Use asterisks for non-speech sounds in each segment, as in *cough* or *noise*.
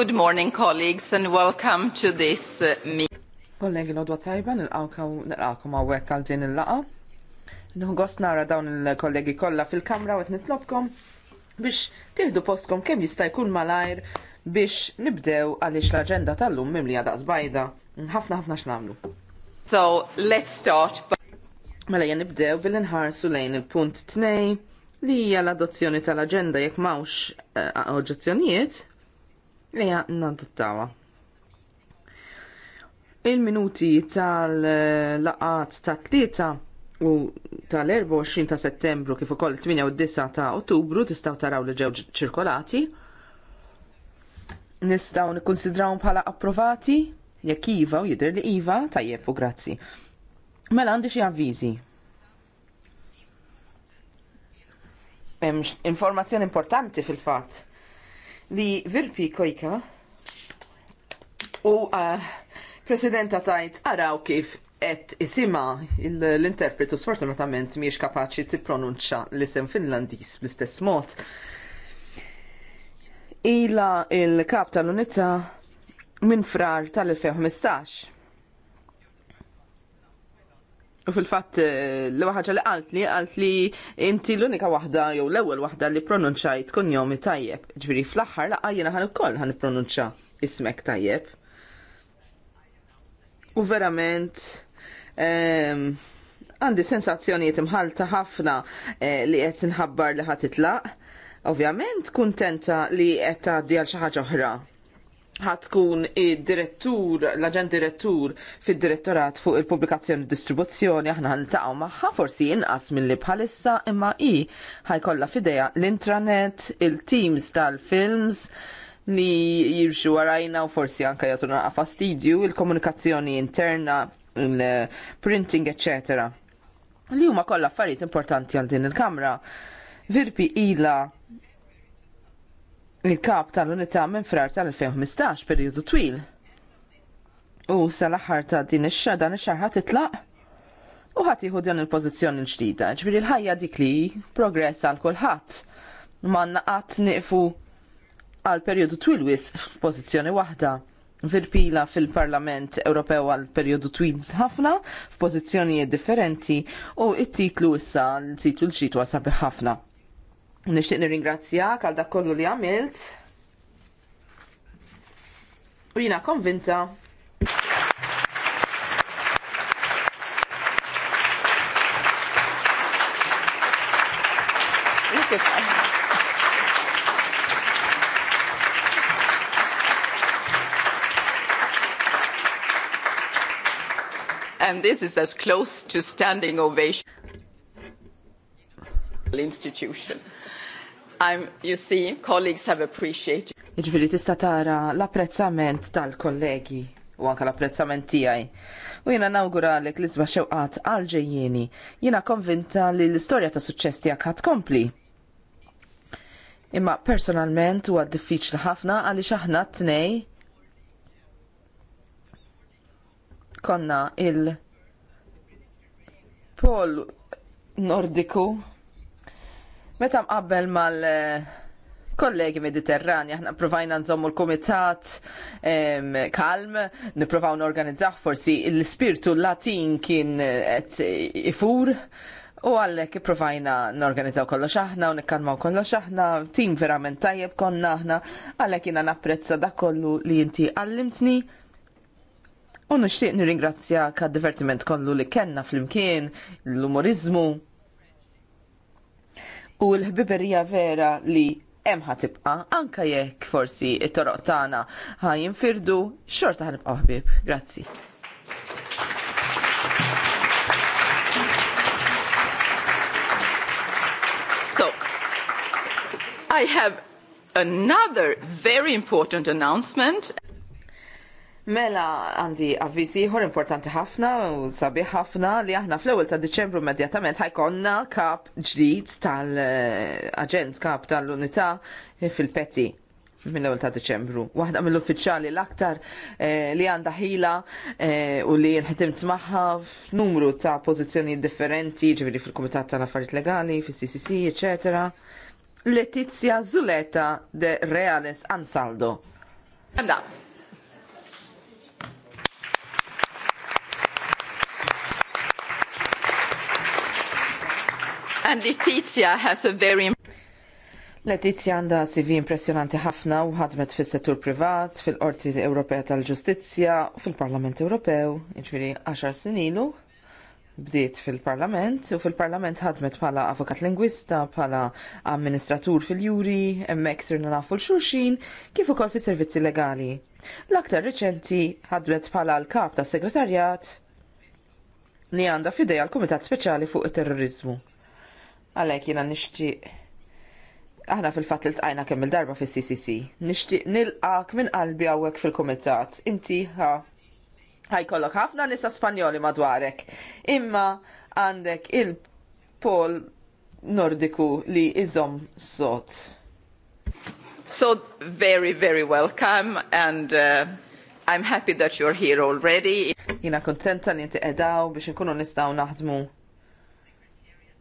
Good morning, colleagues, and welcome to this uh, meeting. Kollegi l-odwa tajba, nil-għakum għawek għal din il-laqa. Nħugos nara dawn il-kollegi kolla fil-kamra u nitlobkom biex tiħdu postkom kem jista' jkun malajr biex nibdew għaliex l-agenda tal-lum mimli għadaq zbajda. Ħafna ħafna x'namlu. So, let's start. Mela jen nibdew bil-inħarsu lejn il-punt 2 li hija l-adozzjoni tal-agenda jekk mawx eh, oġġezzjonijiet Eja, t-tawa. Il-minuti tal-laqat ta' tlieta u tal-24 ta' settembru kif ukoll 8 ta' ottubru tistgħu taraw li ġew ċirkolati. Nistgħu nikkonsidrawhom bħala approvati jekk iva u jidher li iva tajjeb u grazzi. Mela għandi xi avviżi. informazzjoni importanti fil-fatt li Virpi Kojka u uh, presidenta tajt araw kif et isima l-interpretu sfortunatament miex kapaċi pronunċa l-isem finlandis bl-istess mod. Ila il-kap tal unita minn frar tal-2015. U fil-fatt eh, l-waħħaġa li qalt li qalt li inti l-unika waħda jew l-ewwel waħda li pronunċajt kun jomi tajjeb. Ġifieri fl-aħħar laqgħa jiena ħan ukoll ħan ippronunċa ismek tajjeb. U verament ehm, għandi sensazzjonijiet imħalta ħafna eh, li qed inħabbar li ħatitlaq. Ovvjament kuntenta li qed tgħaddi għal xi ħaġa oħra ħatkun id-direttur, l-aġent direttur fil-direttorat fuq il-publikazzjoni u distribuzzjoni aħna ntaqgħu magħha forsi inqas milli bħalissa imma i ħajkollha fideja l-intranet, il-teams tal-films li jirxu warajna u forsi anke jagħtuna fastidju, il-komunikazzjoni interna, il-printing, eccetera. Li huma kollha affarijiet importanti għal din il-kamra. Virpi ila il-kap tal-unità minn frar tal-2015 periodu twil. U sal-aħħar ta' din ix xa dan ix-xar ħat titlaq u ħadd jieħu din il-pożizzjoni l-ġdida. Ġifieri l-ħajja dik li progress għal kulħadd. Ma naqat nieqfu għal periodu twil wis f'pożizzjoni waħda virpila fil-Parlament Ewropew għal periodu twil ħafna f'pożizzjonijiet differenti u it-titlu issa l-titlu l ġdid sabiħ ħafna. Nishtiq nirringrazzjak għal dak kollu li għamilt. U jina konvinta and this is as close to standing ovation institution. I'm, you see, colleagues have appreciated. Iġviri tista tara l-apprezzament tal-kollegi u anka l-apprezzament tiegħi. U jiena nawguralek li żba xewqat għal ġejjieni. Jiena konvinta li l-istorja ta' suċċess tiegħek għat kompli. Imma personalment huwa diffiċli ħafna għaliex aħna t nej konna il-Pol Nordiku Meta mqabbel mal eh, kollegi mediterrani, aħna provajna nżommu l-komitat kalm, niprofaw n-organizzaħ forsi l-spirtu latin kien eh, et ifur. U għallek provajna n-organizzaw kollox aħna u nikkalmaw kollox aħna, tim verament tajjeb konna aħna, għallek jina napprezza da kollu li inti għallimtni. U nishtiq nirringrazzja ka divertiment kollu li kenna fl-imkien, l-umorizmu, u l-ħbiberija vera li hemm ħatibqa' anke jekk forsi t-toroq tagħna ħajinfirdu xorta ħanibqgħu ħbieb. Grazzi. So, I have another very important announcement. Mela għandi avvizi ieħor importanti ħafna u sabi ħafna li aħna fl-ewwel ta' Diċembru immedjatament ħajkonna kap ġdid tal-aġent kap tal-unità fil-Peti mill-ewwel ta' Diċembru. Waħda mill-uffiċjali l-aktar eh, li għandha ħila eh, u li nħitimt magħha f'numru ta' pożizzjonijiet differenti, ġifieri fil-Kumitat tal-Affarijiet Legali, fis-CCC, eċetera. Letizia Zuleta de Reales Ansaldo. Għanda, And Letizia has a very Letizia għandha CV impressjonanti ħafna u ħadmet fis-settur privat, fil-Qorti Ewropea tal-Ġustizzja fil-Parlament Ewropew, jiġifieri 10 snin ilu. Bdiet fil-Parlament u fil-Parlament ħadmet bħala avokat lingwista, bħala amministratur fil-juri, hemmhekk sirna nafu l-xulxin, kif ukoll fis-servizzi legali. L-aktar reċenti ħadmet bħala l-kap tas segretarjat li għandha f'idej għal kumitat Speċjali fuq it-Terrorizmu. Għalhekk jiena nixtieq aħna fil-fatt li tqajna kemm il-darba fis-CCC. Nixtieq nilqak minn qalbi hawnhekk fil-kumitat. Inti ha ħajkollok ħafna nisa Spanjoli madwarek. Imma għandek il-pol nordiku li izom sot. So very, very welcome and uh, I'm happy that you're here already. Jina kontenta li inti edaw biex nkunu nistaw naħdmu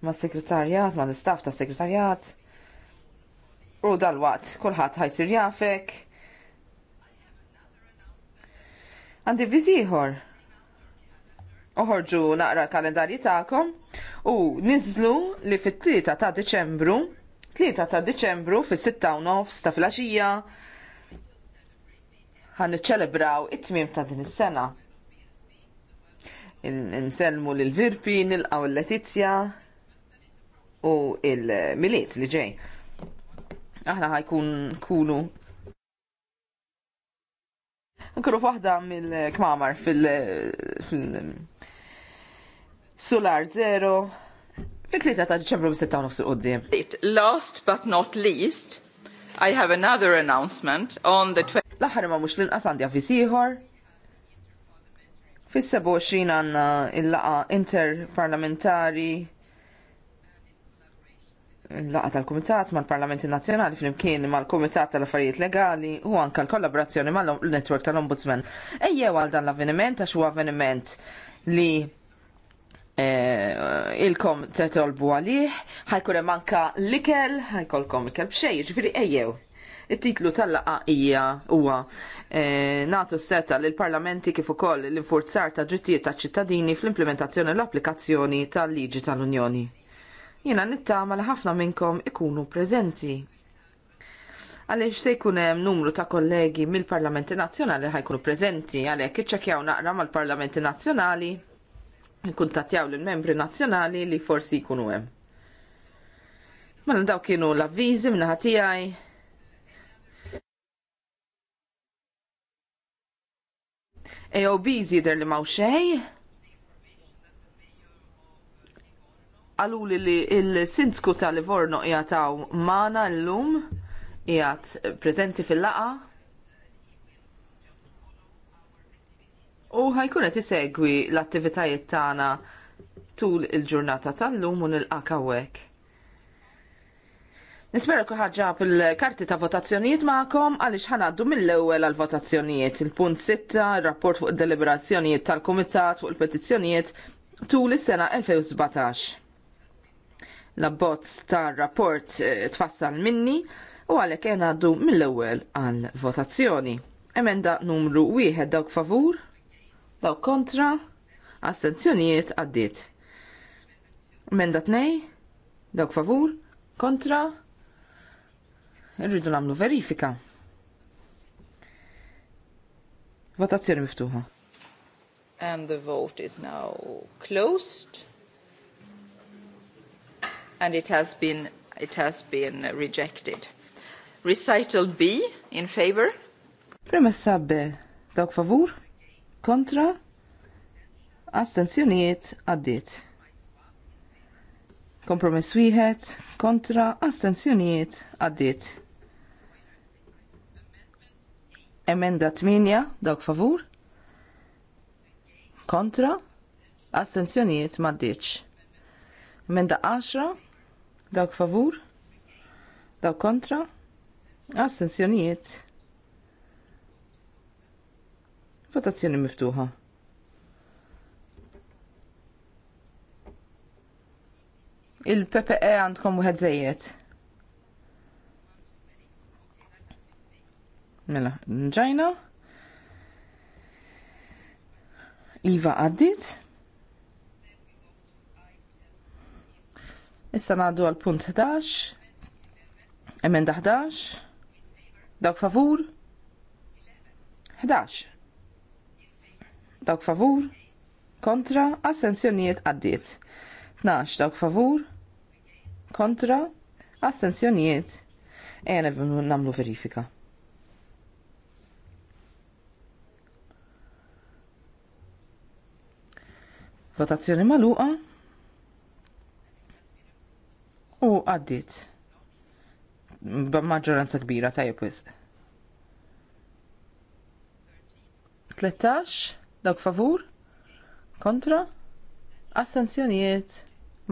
ma' segretarjat, ma' l-istaff ta' segretarjat. U dal wat kullħat ħajsir jafek. Għandi viziħor. Uħorġu naqra kalendarji ta'kom u nizlu li fit-3 ta' Deċembru, 3 ta' Deċembru fis-6 ta' nofs ta' filgħaxija ħan niċċelebraw it-tmiem ta' din is-sena. Nselmu lil Virpi, nilqgħu l-Letizja, u il-miliet li ġej. Aħna ħajkun kunu Nkunu f'waħda mill-kmamar fil-Solar Zero fil 3 ta' ċembru bis-6 nofs qudiem. Last but not least, I have another announcement on the 20... aħħar ma mux l-inqas għandi avviż ieħor. Fis-27 għandna il-laqa interparlamentari laqa tal-Kumitat mal-Parlamenti Nazzjonali flimkien mal-Kumitat tal-Affarijiet Legali u anka l-kollaborazzjoni mal-Network tal-Ombudsman. Ejjew għal dan l-avveniment għax huwa avveniment li t eh, tetolbu għalih, ħajkure hemm anka l-ikel, ħajkolkom ikel b'xej, ġifiri ejjew. It-titlu tal-laqa hija huwa s eh, seta l parlamenti kif ukoll l-infurzar ta' ġittijiet ta' ċittadini fl-implementazzjoni u l-applikazzjoni tal-liġi tal-Unjoni. Jiena nittama li ħafna minnkom ikunu preżenti. Għaliex se jkun hemm numru ta' kollegi mill-Parlamenti Nazzjonali ħajkunu preżenti għalhekk iċċekkjaw naqra mal-Parlamenti Nazzjonali nkuntattjaw lill-membri nazzjonali li forsi jkunu hemm. Mela daw kienu l-avviżi minna ħatijaj. Ejo bizi der li maw xej. għaluli li il-sindku ta' Livorno jgħataw mana l-lum jgħat prezenti fil-laqa u ħajkun qed isegwi l-attivitajiet tagħna tul il-ġurnata tal-lum u nil-qakawek. Nispera kuħħaġa il karti ta' votazzjonijiet ma'kom għalix ħanaddu mill-ewel għal votazzjonijiet. Il-punt 6, il-rapport fuq deliberazzjonijiet tal-Komitat fuq il-petizzjonijiet tul is-sena 2017. L-abbozz tar-rapport eh, tfassal minni u għalhekk qed għaddu mill-ewwel għal votazzjoni. Emenda numru wieħed dawk favur, dawk kontra, astenzjonijiet għaddiet. Emenda tnej, dawk favur, kontra, irridu nagħmlu verifika. Votazzjoni miftuħa. And the vote is now closed and it has been, it has been rejected. Recital B in favor. Premessa B. Dawk favur? Kontra? Astenzjonijiet għaddiet. Kompromess wieħed kontra astenzjonijiet għaddiet. Emenda 8 dawk favur? Kontra? Astenzjonijiet maddiċ. Emenda 10 Dawk favur? Dawk kontra? Astenzjonijiet? Votazzjoni miftuħa. Il-PPE għandkom wieħed żejjed. Mela, nġajna. Iva għaddit. Issa naħdu għal punt 11 emenda 11 dawk favur 11 dawk favur kontra assenzjonijiet għaddiet 12 dawk favur kontra assenzjonijiet Ejna namlu verifika. Votazzjoni maluqa u għaddit. maġġoranza kbira tajjeb wisq. 13 dawk favur kontra assenzjonijiet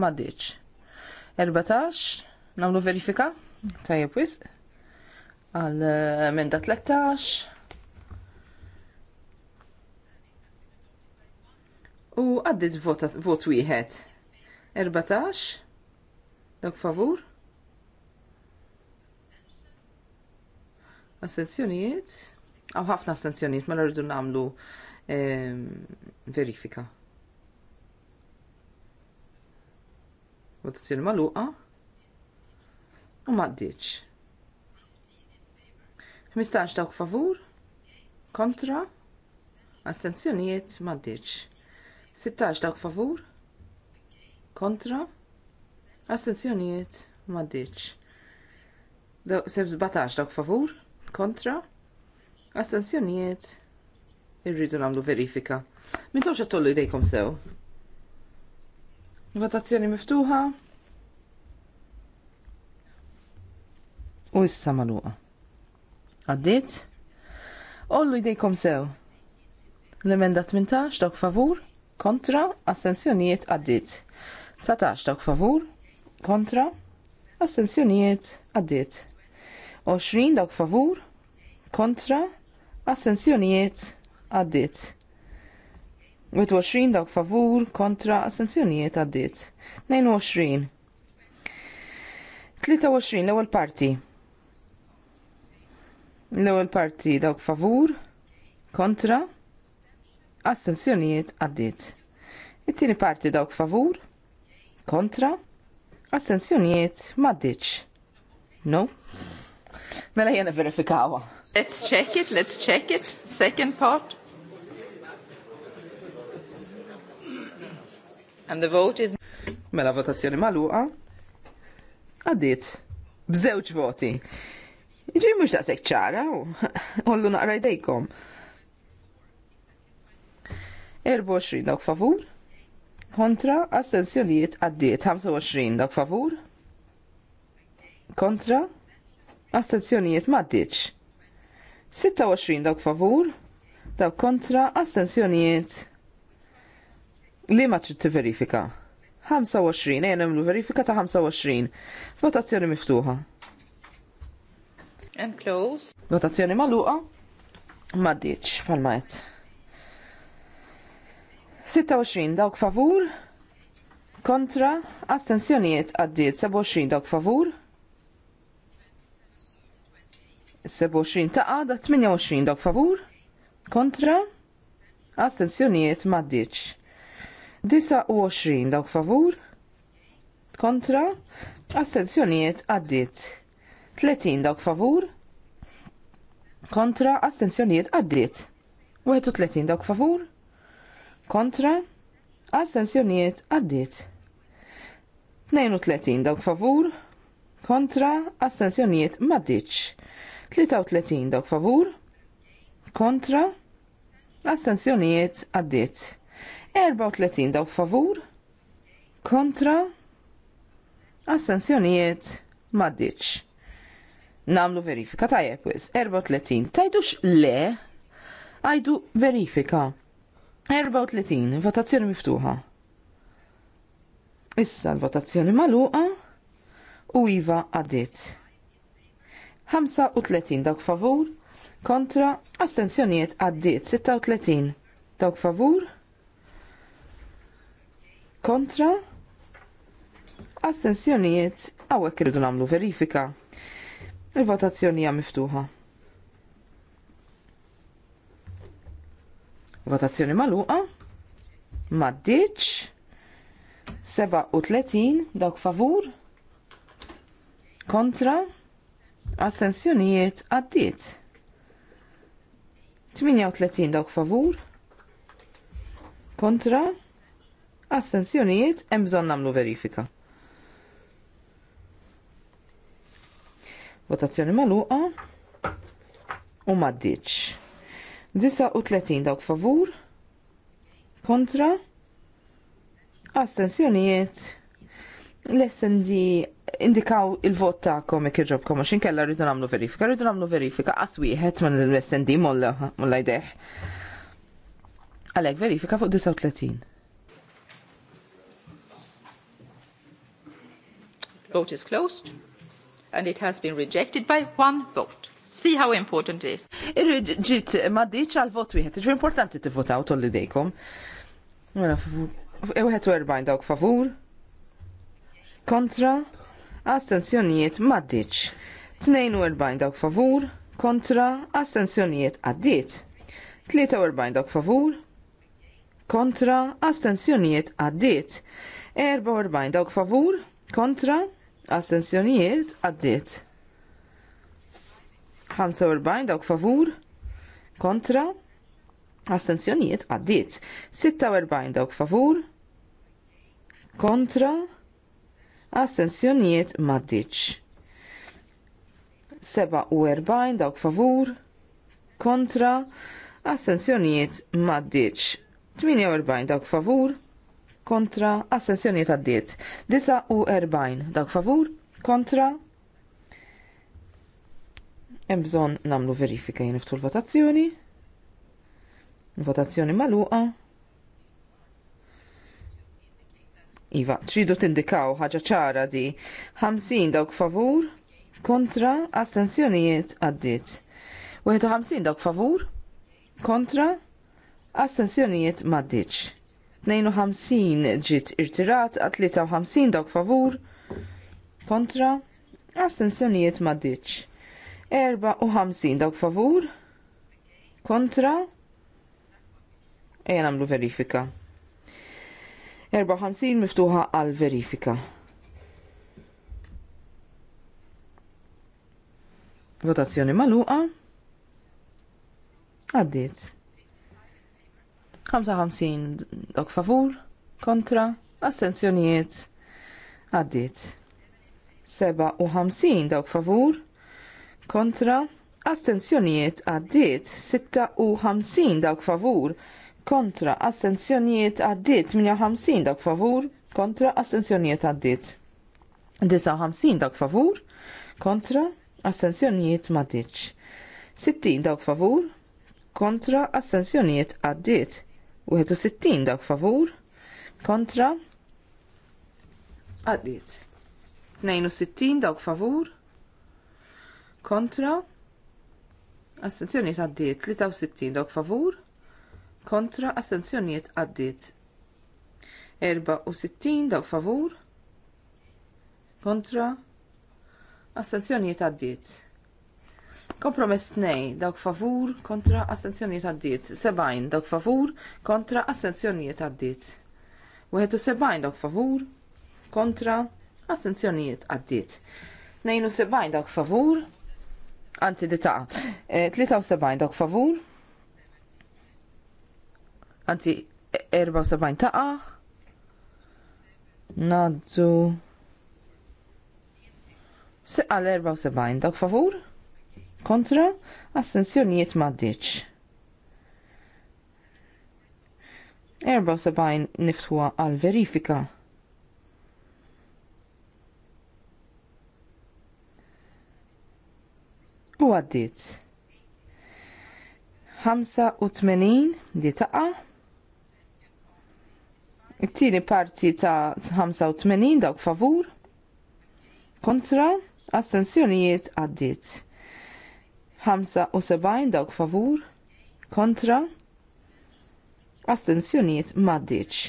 maddiċ. 14 nagħmlu verifika tajjeb wisq għal eh, menda 13 u għaddit vot wieħed Dak favur? Astenzjonijiet? Għaw ħafna astenzjonijiet, ma rridu namlu ehm, verifika. Votazzjoni maluqa? U ma 15 dawk favur, kontra, astenzjonijiet maddiċ. 16 dawk favur, kontra, Astenzjonijiet maddiċ. Seb 17 dak favur? Kontra? Astenzjonijiet irridu namlu verifika. Min tawx għattollu idejkom sew? Votazzjoni miftuħa? U issa maluqa. Għaddit? Ollu idejkom sew. L-emenda 18 dak favur? Kontra? Astenzjonijiet għaddit. 19 dak favur? kontra, astenzjonijiet għaddiet. 20 dawk favur, kontra, astenzjonijiet għaddiet. 21 dawk favur, kontra, astenzjonijiet għaddiet. 22. 23 l-ewwel parti. L-ewwel parti dawk favur, kontra, astenzjonijiet għaddiet. It-tieni parti dawk favur, kontra, Astenzjonijiet maddiċ. No? Mela jena verifikawa. Let's check it, let's check it. Second part. And the vote is... Mela votazzjoni maluqa. Għaddit. Bżewġ voti. Iġi mux daqsek ċara, ullu *laughs* naqra jdejkom. 24 dawk favur, kontra astensjonijiet għaddiet 25 dak favur kontra astensjonijiet maddiċ 26 dak favur dak kontra astensjonijiet li ma trid verifika 25 ejna mlu verifika ta' 25 votazzjoni miftuħa And close. Votazzjoni magħluqa? Maddiċ, palma qed. 26 dawk favur kontra astensjoniet għaddiet 27 dawk favur 27 ta' għada 28 dawk favur kontra astensjoniet maddiċ 29 dawk favur kontra astensjoniet għaddiet 30 dawk favur kontra astensjoniet għaddiet 31 dawk favur kontra, astensjonijiet għaddit. 32 dawk favur, kontra, astensjonijiet maddiċ. 33 dawk favur, kontra, astensjonijiet għaddit. 34 dawk favur, kontra, astensjonijiet maddiċ. Namlu verifika tajjeb 34 tajdux le, għajdu verifika. 34, votazzjoni miftuħa. Issa l-votazzjoni maluqa u iva għaddit. 35 dawk favur kontra astenzjonijiet għaddit 36 dawk favur kontra astenzjonijiet għawek irridu namlu verifika. Il-votazzjoni hija miftuħa. Votazzjoni maluqa. Maddiċ. 37 dawk favur. Kontra. Assenzjonijiet għaddiet. 38 dawk favur. Kontra. Assenzjonijiet emżon bżonn nagħmlu verifika. Votazzjoni magħluqa u maddiċ. 39 dawk favur kontra astensjonijiet l-SND indikaw il-vot ta'kom jekk irġobkom għax inkella rridu nagħmlu verifika, rridu nagħmlu verifika qas wieħed l-SND molla jdeħ. Għalhekk verifika fuq 39. Vote is closed and it has been rejected by one vote. See how important it is. Ġit, diċ għal-vot wieħed, ġu importanti t-votaw tolli dejkom. Mela, Ewħet u erbajn dawk favur. Kontra. Astenzjonijiet u 42 dawk favur. Kontra. Astenzjonijiet għaddiet. 43 dawk favur. Kontra. Astenzjonijiet għaddiet. 44 dawk favur. Kontra. Astenzjonijiet għaddit. 45 dawk favur kontra astenzjonijiet għaddiet 46 dawk favur kontra astenzjonijiet maddiċ 47 dawk favur kontra astenzjonijiet maddiċ 48 dawk favur kontra astenzjonijiet għaddiet 49 dawk favur kontra Hemm bżonn nagħmlu verifika jien ftul votazzjoni. Votazzjoni magħluqa. Iva, tridu tindikaw ħaġa ċara di. 50 dawk favur, kontra, astensjonijiet għaddiet. 51 dawk favur, kontra, astensjonijiet maddiċ. 52 ġiet irtirat, 53 dawk favur, kontra, astensjonijiet maddiċ. 54 dawk favur kontra ejja namlu verifika. 54 miftuħa għal verifika. Votazzjoni maluqa. għaddit 55 dawk favur, kontra, astenzjonijiet. għaddit 57 dawk favur, kontra, astenzjonijiet għaddiet 56 dawk favur, kontra astenzjonijiet għaddiet 58 dawk favur, kontra astenzjonijiet għaddiet 59 dawk favur, kontra astenzjonijiet maddiċ. 60 dawk favur, kontra astenzjonijiet għaddiet 61 dawk favur, kontra għaddiet 62 dawk favur, kontra, astenzjoniet għaddiet 63 dawk favur, kontra astenzjoniet għaddiet 64 dawk favur, kontra astenzjoniet għaddiet. Kompromess 2 dawk favur kontra astenzjoniet għaddiet, 70 dawk favur kontra astenzjoniet għaddiet. 71 dawk favur kontra astenzjoniet għaddiet. 72 dawk favur Anzi, di ta' 73 dok favur. Anzi, 74 ta' Nadzu. Seqqa l-74 dok favur. Kontra, astensjonijiet maddiċ. 74 niftuwa għal verifika. u għaddit. 85 di taqa. It-tieni parti ta' 85 dawk favur. Kontra, astensjonijiet għaddit. 75 dawk favur. Kontra, astensjonijiet maddiċ.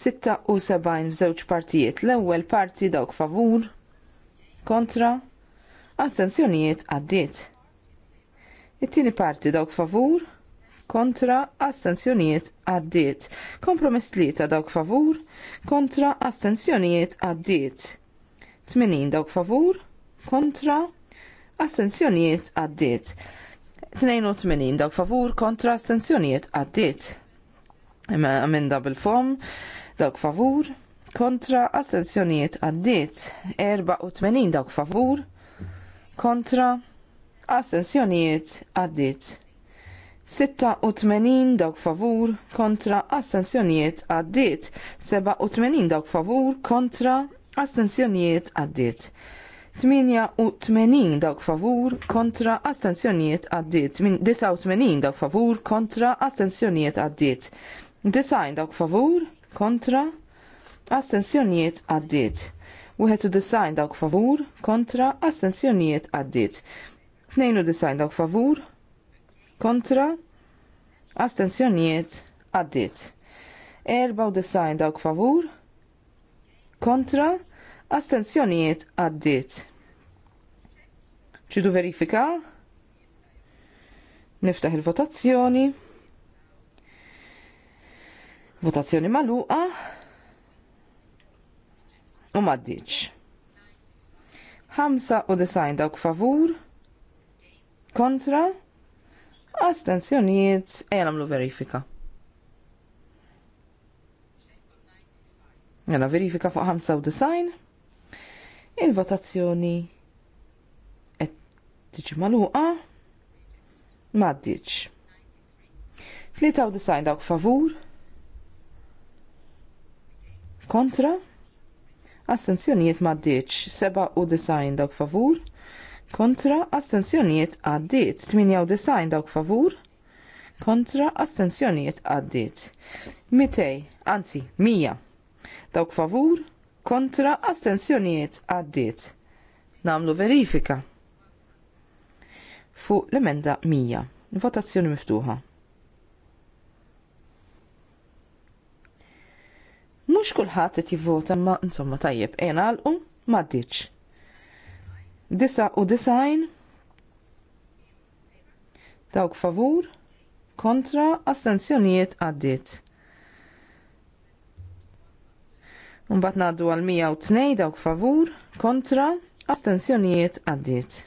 76 f'żewġ partijiet l-ewwel parti dawk favur. Kontra, Astenzjonijiet għaddiet. It-tieni parti dawk favur kontra astenzjonijiet għaddiet. Kompromess li ta' dawk favur kontra astenzjonijiet għaddiet. Tminin dawk favur kontra astenzjonijiet għaddiet. 82 dawk favur kontra astenzjonijiet għaddiet. minn bil-fom dawk favur kontra astenzjonijiet għaddiet. 84 dawk favur kontra astensjonijiet għaddit. 86 dawk favur kontra astensjonijiet għaddit. 87 dawk favur kontra astensjonijiet għaddit. 88 dawk favur kontra astensjonijiet għaddit. 89 dawk favur kontra astensjonijiet għaddit. 90 dawk favur kontra astensjonijiet għaddit u ħetu design dawk favur kontra astensjonijiet għaddit. Tnejn design dawk favur kontra astensjonijiet għaddit. Erba design dawk favur kontra astensjonijiet għaddit. ċidu verifika? Niftaħ il-votazzjoni. Votazzjoni maluqa u maddiċ. 95 dawk favur kontra astenzjoniet, ejja nagħmlu verifika. Jena mela, verifika fuq 95 il-votazzjoni qed tiġi magħluqa m'għaddiċ. 93 dawk favur kontra astenzjonijiet maddiċ, disajn dawk favur, kontra astenzjonijiet għaddiet, 98 dawk favur, kontra astenzjonijiet għaddiet. Mitej anzi mija, dawk favur, kontra astenzjonijiet għaddiet. Namlu verifika fuq l-emenda 100. Votazzjoni miftuħa. Mhux kulħadd qed jivvota ma insomma tajjeb qiegħna għalqu m'għaddiċ. Disa u design dawk favur kontra astenzjonijiet għaddit. Unbat naddu għal 102 dawk favur, kontra, astensjonijiet għaddit.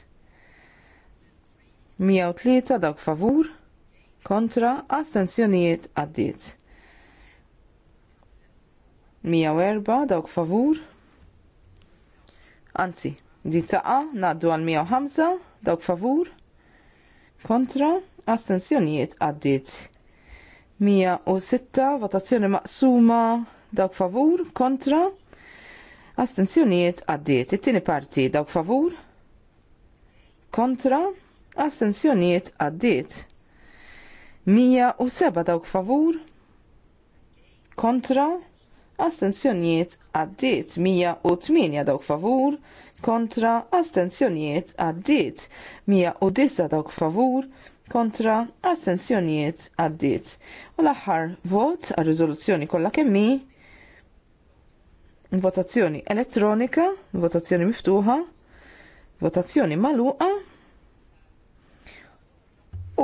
103 dawk favur, kontra, astensjonijiet għaddit. 104 dawk favur. Anzi, di taqa naddu għal 105 dawk favur. Kontra, astensjonijiet għaddit. 106 votazzjoni maqsuma dawk favur. Kontra, astensjonijiet għaddit. It-tieni parti dawk favur. Kontra, astensjonijiet għaddit. 107 dawk favur. Kontra, astenzjonijiet għaddiet 108 dawk favur kontra astenzjonijiet għaddiet 109 dawk favur kontra astenzjonijiet għaddiet. U l-aħħar vot għal riżoluzzjoni kollha kemm votazzjoni elettronika, votazzjoni miftuħa, votazzjoni magħluqa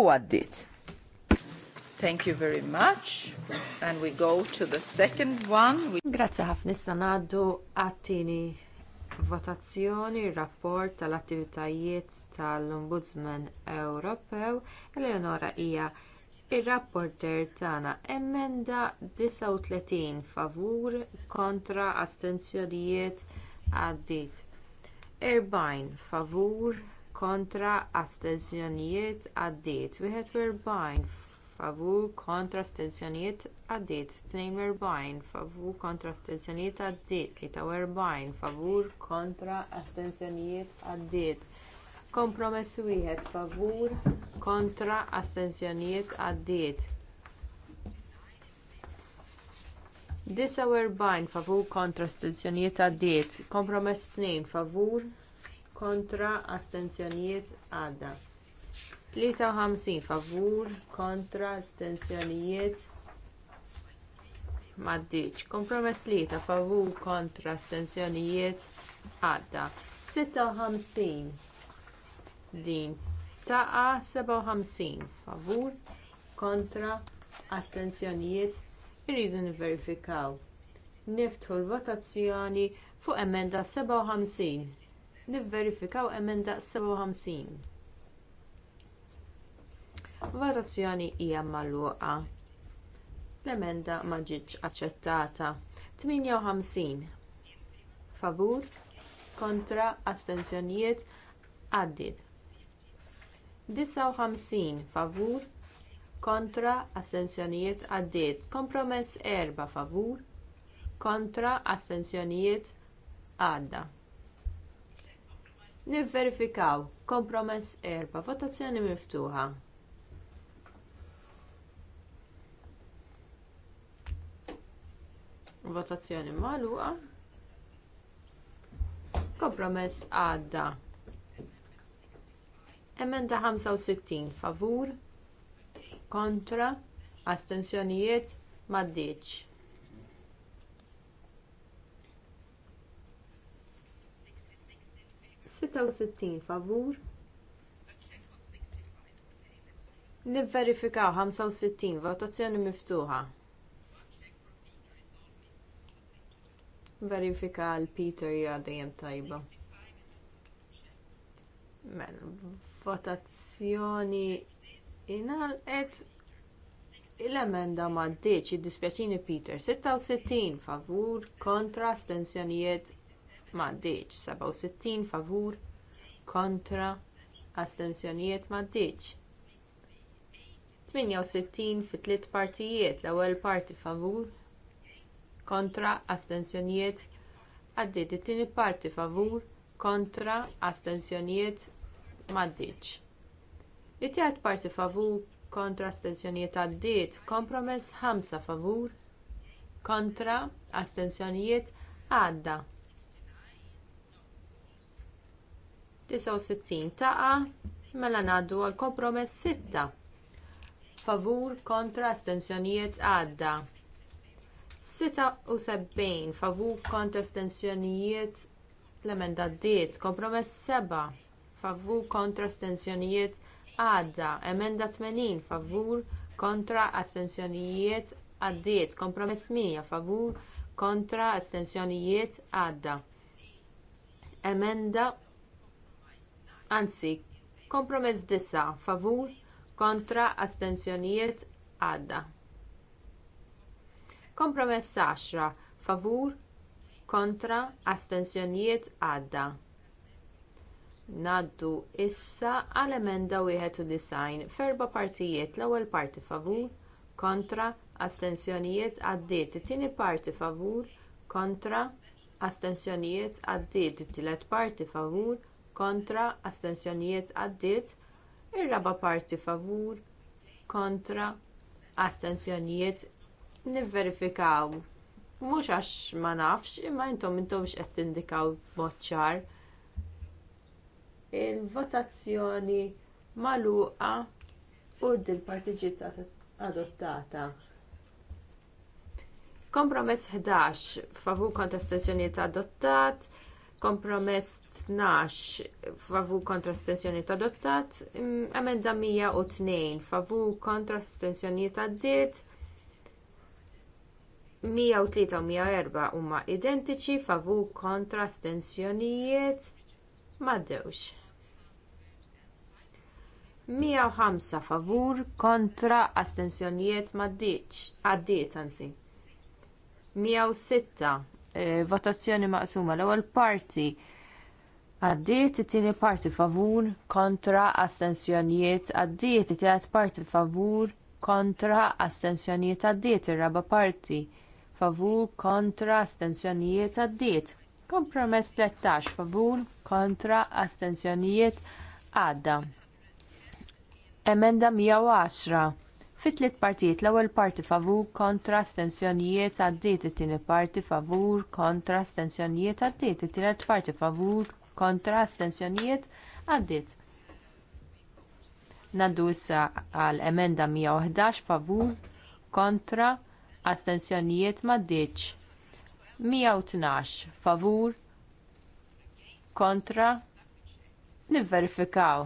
u għaddiet. Thank you very much. And we go to the second one. We... Grazie ħafna issa ngħaddu għattini votazzjoni rapport tal-attivitajiet tal-Ombudsman Ewropew. Eleonora hija ir-rapporter tagħna emenda 39 favur kontra astenzjonijiet għaddit. Erbajn favur kontra astenzjonijiet għaddit. favur favur kontra stenzjonijiet għaddiet 42 favur kontra stenzjonijiet għaddiet 43 favur kontra astenzjonijiet għaddiet kompromess wieħed favur kontra astenzjonijiet għaddiet 49 favur kontra astenzjonijiet għaddiet kompromess 2 favur kontra astenzjonijiet għadda 53 favur kontra astensjonijiet maddiċ. Kompromess li ta' favur kontra stensjonijiet għadda. 56 din taqa 57 favur kontra astensjonijiet irridu niverifikaw. Niftħu l-votazzjoni fuq emenda 57. Nivverifikaw emenda 57. Votazzjoni hija magħluqa. L-emenda ma ġietx aċċettata. 58 favur kontra astensjonijiet għaddiet. 59 favur kontra astensjonijiet għaddiet. Kompromess 4 favur kontra astensjonijiet għadda. Nivverifikaw kompromess erba. votazzjoni miftuħa. Votazzjoni magħluqa. Kompromess għadda. Emenda 65 favur kontra astensjonijiet maddiċ. Sitta u sittin favur. Nivverifikaw 65 votazzjoni miftuħa. verifika għal Peter ja dejjem tajba. Mela, votazzjoni et il-emenda ma d id-dispjaċini Peter 66 favur kontra astensjonijiet ma ddeċ 67 favur kontra astensjonijiet ma ddeċ 68 fi tliet partijiet l-ewwel parti favur kontra astensjonijiet għaddiet it-tieni parti favur kontra astensjonijiet maddiċ. It-tielet parti favur kontra astensjonijiet għaddiet kompromess 5 favur kontra astensjonijiet għadda. 69 taqa mela ngħaddu għal kompromess 6 favur kontra astensjonijiet għadda. 76 favur kontra stensjonijiet l-emenda ddiet. Kompromess 7 favur kontra stensjonijiet għadda. Emenda 80 favur kontra astensjonijiet għaddiet. Kompromess 100 favur kontra astensjonijiet għadda. Emenda anzi kompromess 9 favur kontra astensjonijiet għadda. Kompromess 10 favur kontra astensjonijiet għadda. Ngħaddu issa għal emenda wieħed u ferba partijiet l-ewwel parti favur kontra astensjonijiet għaddiet it-tieni parti favur kontra astensjonijiet għaddiet it-tielet parti favur kontra astensjonijiet għaddiet ir-raba parti favur kontra astensjonijiet nivverifikaw. Mhux għax ma nafx, imma intom intom x'qed tindikaw b'mod ċar. Il-votazzjoni magħluqa u il dil adottata. Kompromess 11 favur kontra stenzjoniet adottat, kompromess 12 favur kontra stenzjoniet adottat, emenda 102 favur kontra stenzjoniet għaddit, u 104 huma identiċi favur kontra astensjonijiet m'għaddewx. 105 favur kontra astensjonijiet m'għaddiċ għaddiet anzi. 106 eh, votazzjoni maqsuma l-ewwel parti għaddiet it-tieni parti favur kontra astensjonijiet għaddiet it-tielet parti favur kontra astensjonijiet għaddiet ir-raba parti favur kontra astensjonijiet għaddiet. Kompromess 13 favur kontra astensjonijiet għadda. Emenda 110 fit-tliet partijiet l-ewwel parti favur kontra stensjonijiet għaddiet it-tieni parti favur kontra stensjonijiet għaddiet it-tielet parti favur kontra astensjonijiet għaddiet. Naddu issa għal emenda 111 favur kontra astensjonijiet maddiċ. 112 favur kontra nivverifikaw.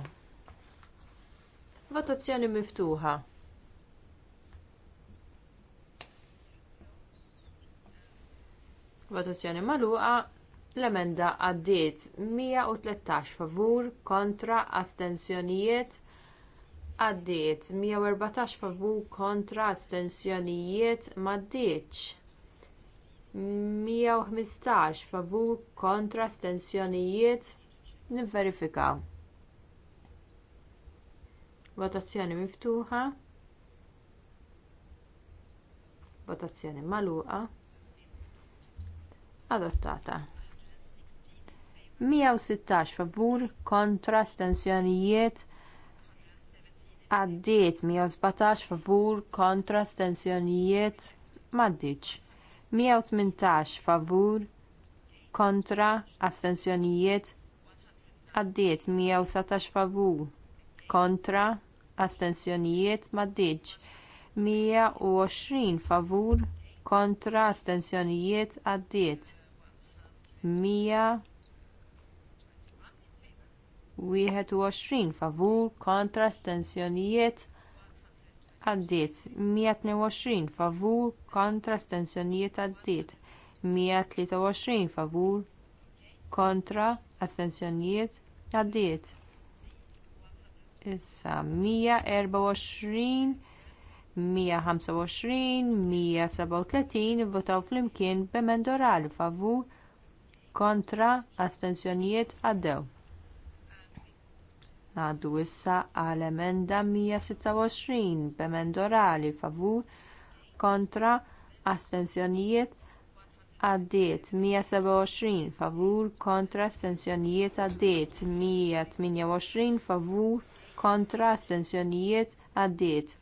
Votazzjoni miftuħa. Votazzjoni magħluqa l-emenda għaddiet 113 favur kontra astensjonijiet għaddiet 114 favur kontra astensjonijiet m'għaddiex. 115 favur kontra astensjonijiet nivverifikaw. Votazzjoni miftuħa. Votazzjoni magħluqa. Adottata. 116 favur kontra astensjonijiet għaddiet 117 favur kontra stensjonijiet maddiċ. 118 favur kontra astensjonijiet għaddiet 117 favur kontra astensjonijiet maddiċ. 120 favur kontra astensjonijiet għaddiet. 100 21 favur kontra stensjonijiet għaddiet 122 favur kontra astensjonijiet għaddiet 123 favur kontra astensjonijiet għaddiet issa 124 125 137 votaw flimkien b'emendorali favur kontra astensjonijiet għaddew Ngħaddu issa għal emenda 126 b'emenda orali favur kontra astensjonijiet għaddiet 127 favur kontra astensjonijiet għaddiet 128 favur kontra astensjonijiet għaddiet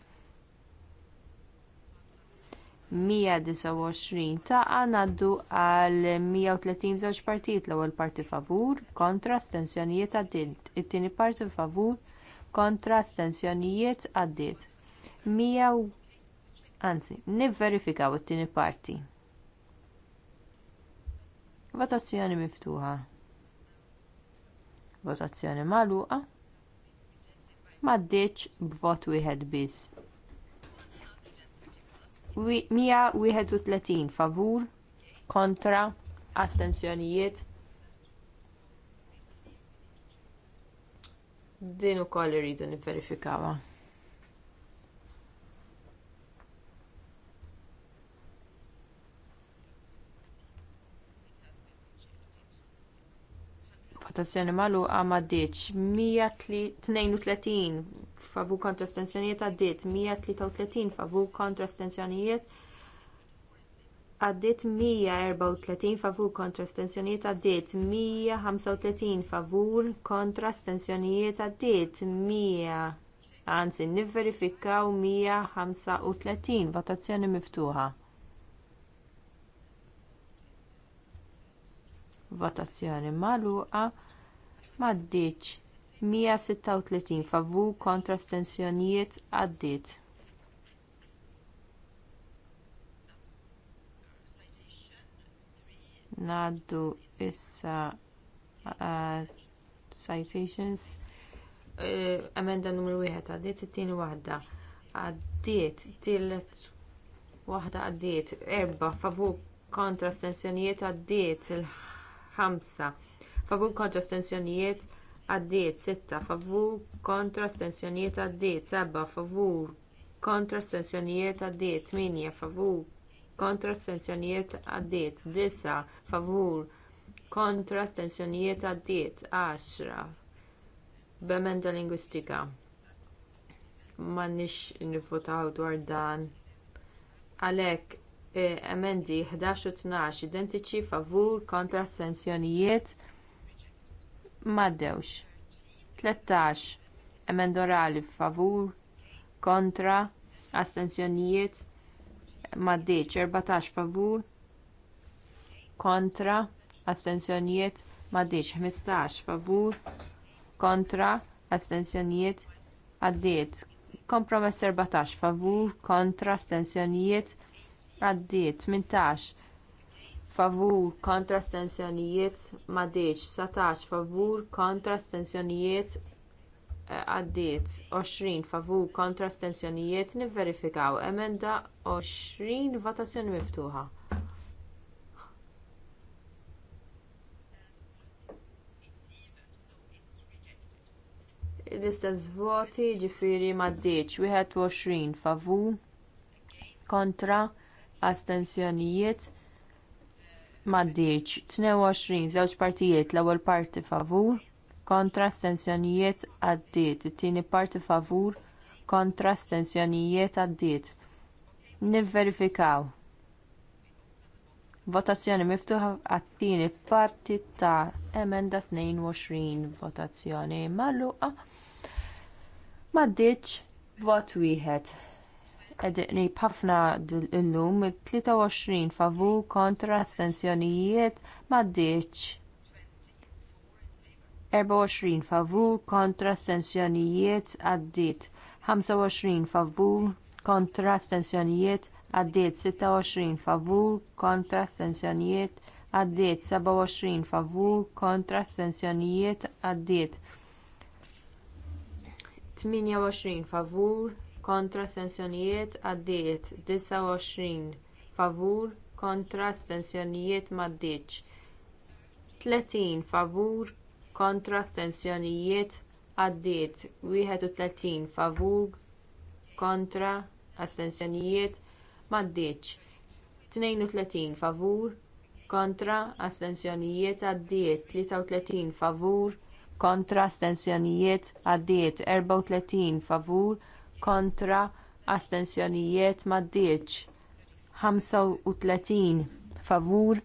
129 taqa ngħaddu għal 130 żewġ partijiet l-ewwel parti favur kontra stensjonijiet għaddiet, it-tieni parti favur kontra stensjonijiet għaddiet. Mijaw anzi, nivverifikaw it-tieni parti. Votazzjoni miftuħa. Votazzjoni magħluqa. M'għaddiex b'vot wieħed biss. 131 favur kontra astensjonijiet din ukoll irridu nivverifikawha. votazzjoni magħluqa m'għaddiex 132 favu kontra stenzjonijiet għaddit 133 favu kontra stenzjonijiet għaddit 134 favur kontra stenzjonijiet għaddit 135 favur kontra stenzjonijiet għaddit 100 anzi nivverifikaw 135 votazzjoni miftuħa. Votazzjoni magħluqa m'għaddiċ 136 favur kontra stensjonijiet għaddiet. Ngħaddu issa uh, citations emenda uh, numru 1 għaddiet it-tieni waħda għaddiet tillet waħda għaddiet erba favur kontra stensjonijiet għaddiet il-ħamsa favur kontra stensjonijiet għaddiet 6 favur kontra astensjonijiet għaddiet 7 favur kontra astensjonijiet għaddiet 8 favur kontra astensjonijiet għaddiet 9 favur kontra astensjonijiet għaddiet 10 b'emenda lingwistika m'għandniex nivvotaw dwar dan għalhekk eh, emendi 11 u 12 identiċi favur kontra stenzjonijiet M'għaddewx. 13 emendorali orali favur kontra astensjonijiet m'għaddewx. 14 favur kontra astensjonijiet m'għaddewx. 15 favur kontra astensjonijiet għaddewx. kompromess 14 favur kontra astensjonijiet għaddewx. 18 favur kontra stensjonijiet m'għaddiex 19 favur kontra stensjonijiet eh, għaddiet 20 favur kontra stensjonijiet nivverifikaw emenda 20 votazzjoni miftuħa l-istess voti ġifieri m'għaddiex 21 favu kontra astensjonijiet Maddiċ, 22, żewġ partijiet, l-ewwel parti favur, kontra stensjonijiet għaddiet, it-tieni parti favur, kontra stensjonijiet għaddiet. Nivverifikaw. Votazzjoni miftuħa għat-tieni parti ta' emenda 22 votazzjoni magħluqa. Maddiċ vot wieħed qegħdin b'ħafna illum 23 favur kontra astensjonijiet m'għaddiex. 24 favur kontra astensjonijiet għaddiet. 25 favur kontra astensjonijiet għaddiet. 26 favur kontra astensjonijiet għaddiet. 27 favur kontra astensjonijiet għaddiet. 28 favur kontra stensjonijiet għaddiet 29 favur kontra astensjonijiet m'għaddiex 30 favur kontra astensjonijiet għaddiet 31 favur kontra astensjonijiet m'għaddiex 32 favur kontra astensjonijiet għaddiet 33 favur kontra stensjonijiet għaddiet 34 favur kontra astensjonijiet maddiċ 35 favur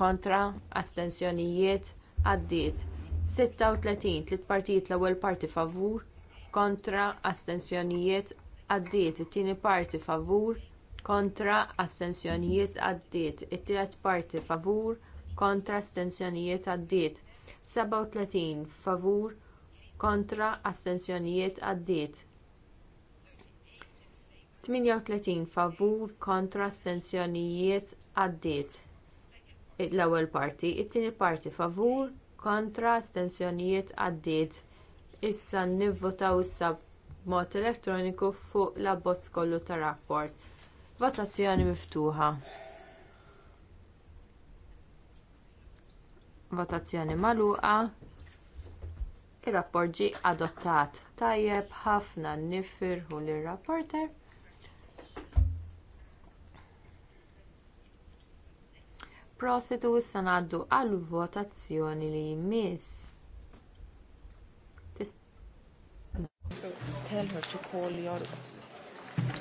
kontra astensjonijiet għaddiet 36 tliet partijiet l-ewwel parti favur kontra astensjonijiet għaddiet it-tieni parti favur kontra astensjonijiet għaddiet it-tielet parti favur kontra astensjonijiet għaddiet 37 favur kontra astensjonijiet għaddiet 38 favur kontra astensjonijiet għaddiet l-ewwel parti, it-tieni parti favur kontra astensjonijiet għaddiet. Issa nivvotaw issa b'mod elettroniku fuq l-abbozz kollu tar rapport. Votazzjoni miftuħa. Votazzjoni magħluqa. Ir-rapport ġie adottat. Tajjeb ħafna nifirħu lir rapporter Prositu issa ngħaddu għal votazzjoni li jmiss. Tell her to call your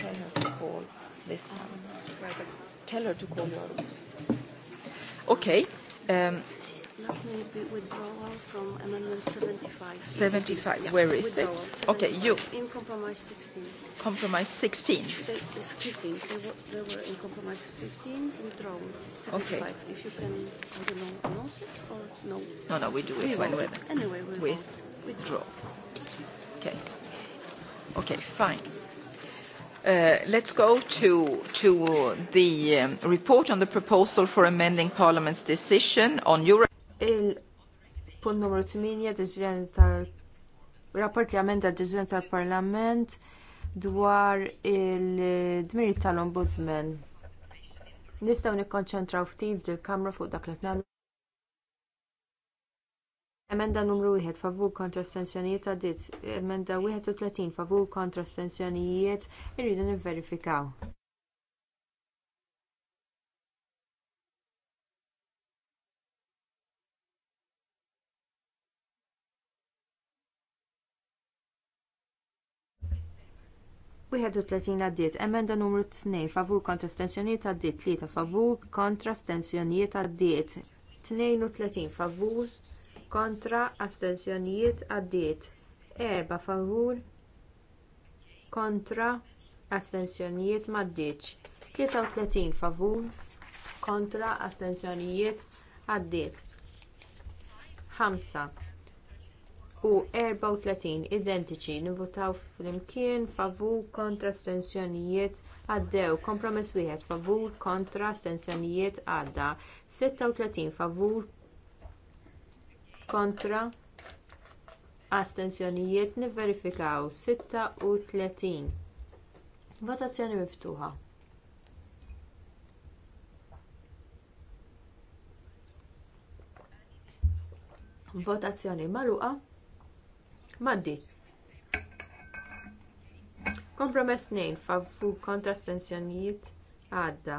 tell her to call this one. Tell her to call your Okay. Um, Last minute we withdrawal from Amendment 75. 75, yeah. where is it? Okay, you. In Compromise 16. Compromise 16. it's 15. They were, they were in Compromise 15, withdrawal 75. Okay. If you can, I don't know, announce it or no? No, no, we do it we when we're... Anyway, we with withdraw. Okay. Okay, fine. Uh, let's go to, to the um, report on the proposal for amending Parliament's decision on Europe. Il-punt numru 8, deċiżjoni tal-rapport li għamenda deċiżjoni tal-Parlament dwar il-dmiri tal-Ombudsman. Nistgħu nikkonċentraw ftit dil-kamra fuq dak li tnagħmlu. Emenda numru 1 favur kontra stenzjonijiet għaddit. Emenda 31 favur kontra stenzjonijiet irridu nivverifikaw. 31 għaddiet, emenda numru 2 favur kontra stensjonijiet għaddiet, 3 favur kontra stensjonijiet għaddiet, 32 favur kontra astensjonijiet għaddiet, 4 favur kontra astensjonijiet maddiċ, 33 favur kontra astensjonijiet għaddiet, 5 u 34 identiċi nivvotaw flimkien favur kontra stensjonijiet għaddew kompromess wieħed favur kontra stensjonijiet għadda 36 favur kontra astensjonijiet nivverifikaw 36 votazzjoni miftuħa votazzjoni magħluqa Maddi. Kompromess nejn favu kontra stenzjonijiet għadda.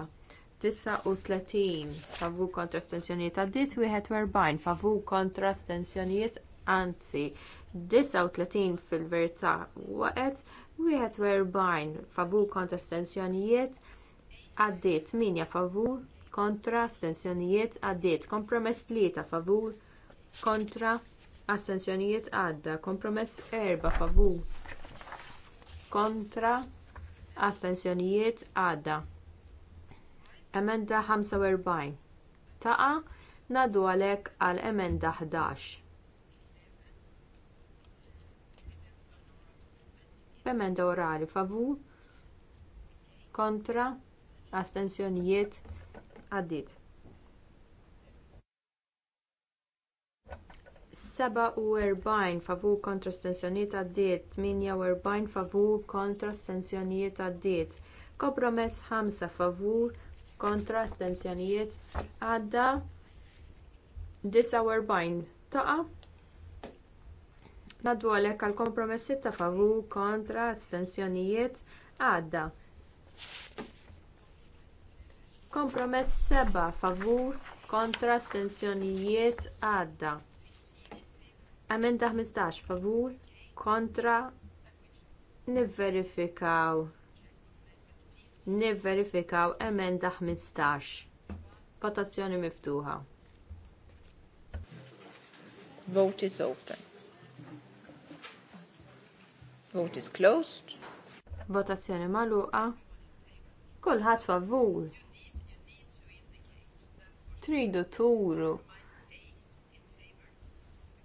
39 favu kontra stenzjonijiet għaddi, 24 Favu kontra stenzjonijiet anzi 39 fil-verità waqgħet 24 favur kontra stenzjonijiet għaddi, 8 favur kontra stenzjonijiet għaddi. kompromess 3 favur kontra għas-sanzjonijiet għadda. Kompromess erba favur. Kontra. għas-sanzjonijiet għadda. Emenda 45. Taqa nadu għalek għal emenda 11. Emenda orali favu? Kontra. astensjonijiet għaddit. 47 favur kontra stensjonijiet għaddiet, 48 favur kontra stensjonijiet għaddiet. Kompromess 5 favur kontra stensjonijiet għadda 49 taqa. Naddu għal kompromess 6 favur kontra stensjonijiet għadda. Kompromess 7 favur kontra stenzjonijiet għadda ta' 15 favur kontra nivverifikaw nivverifikaw emenda 15. Votazzjoni miftuħa. Vote is open. Vote is closed. Votazzjoni magħluqa. Kulħadd favur. Tridu turu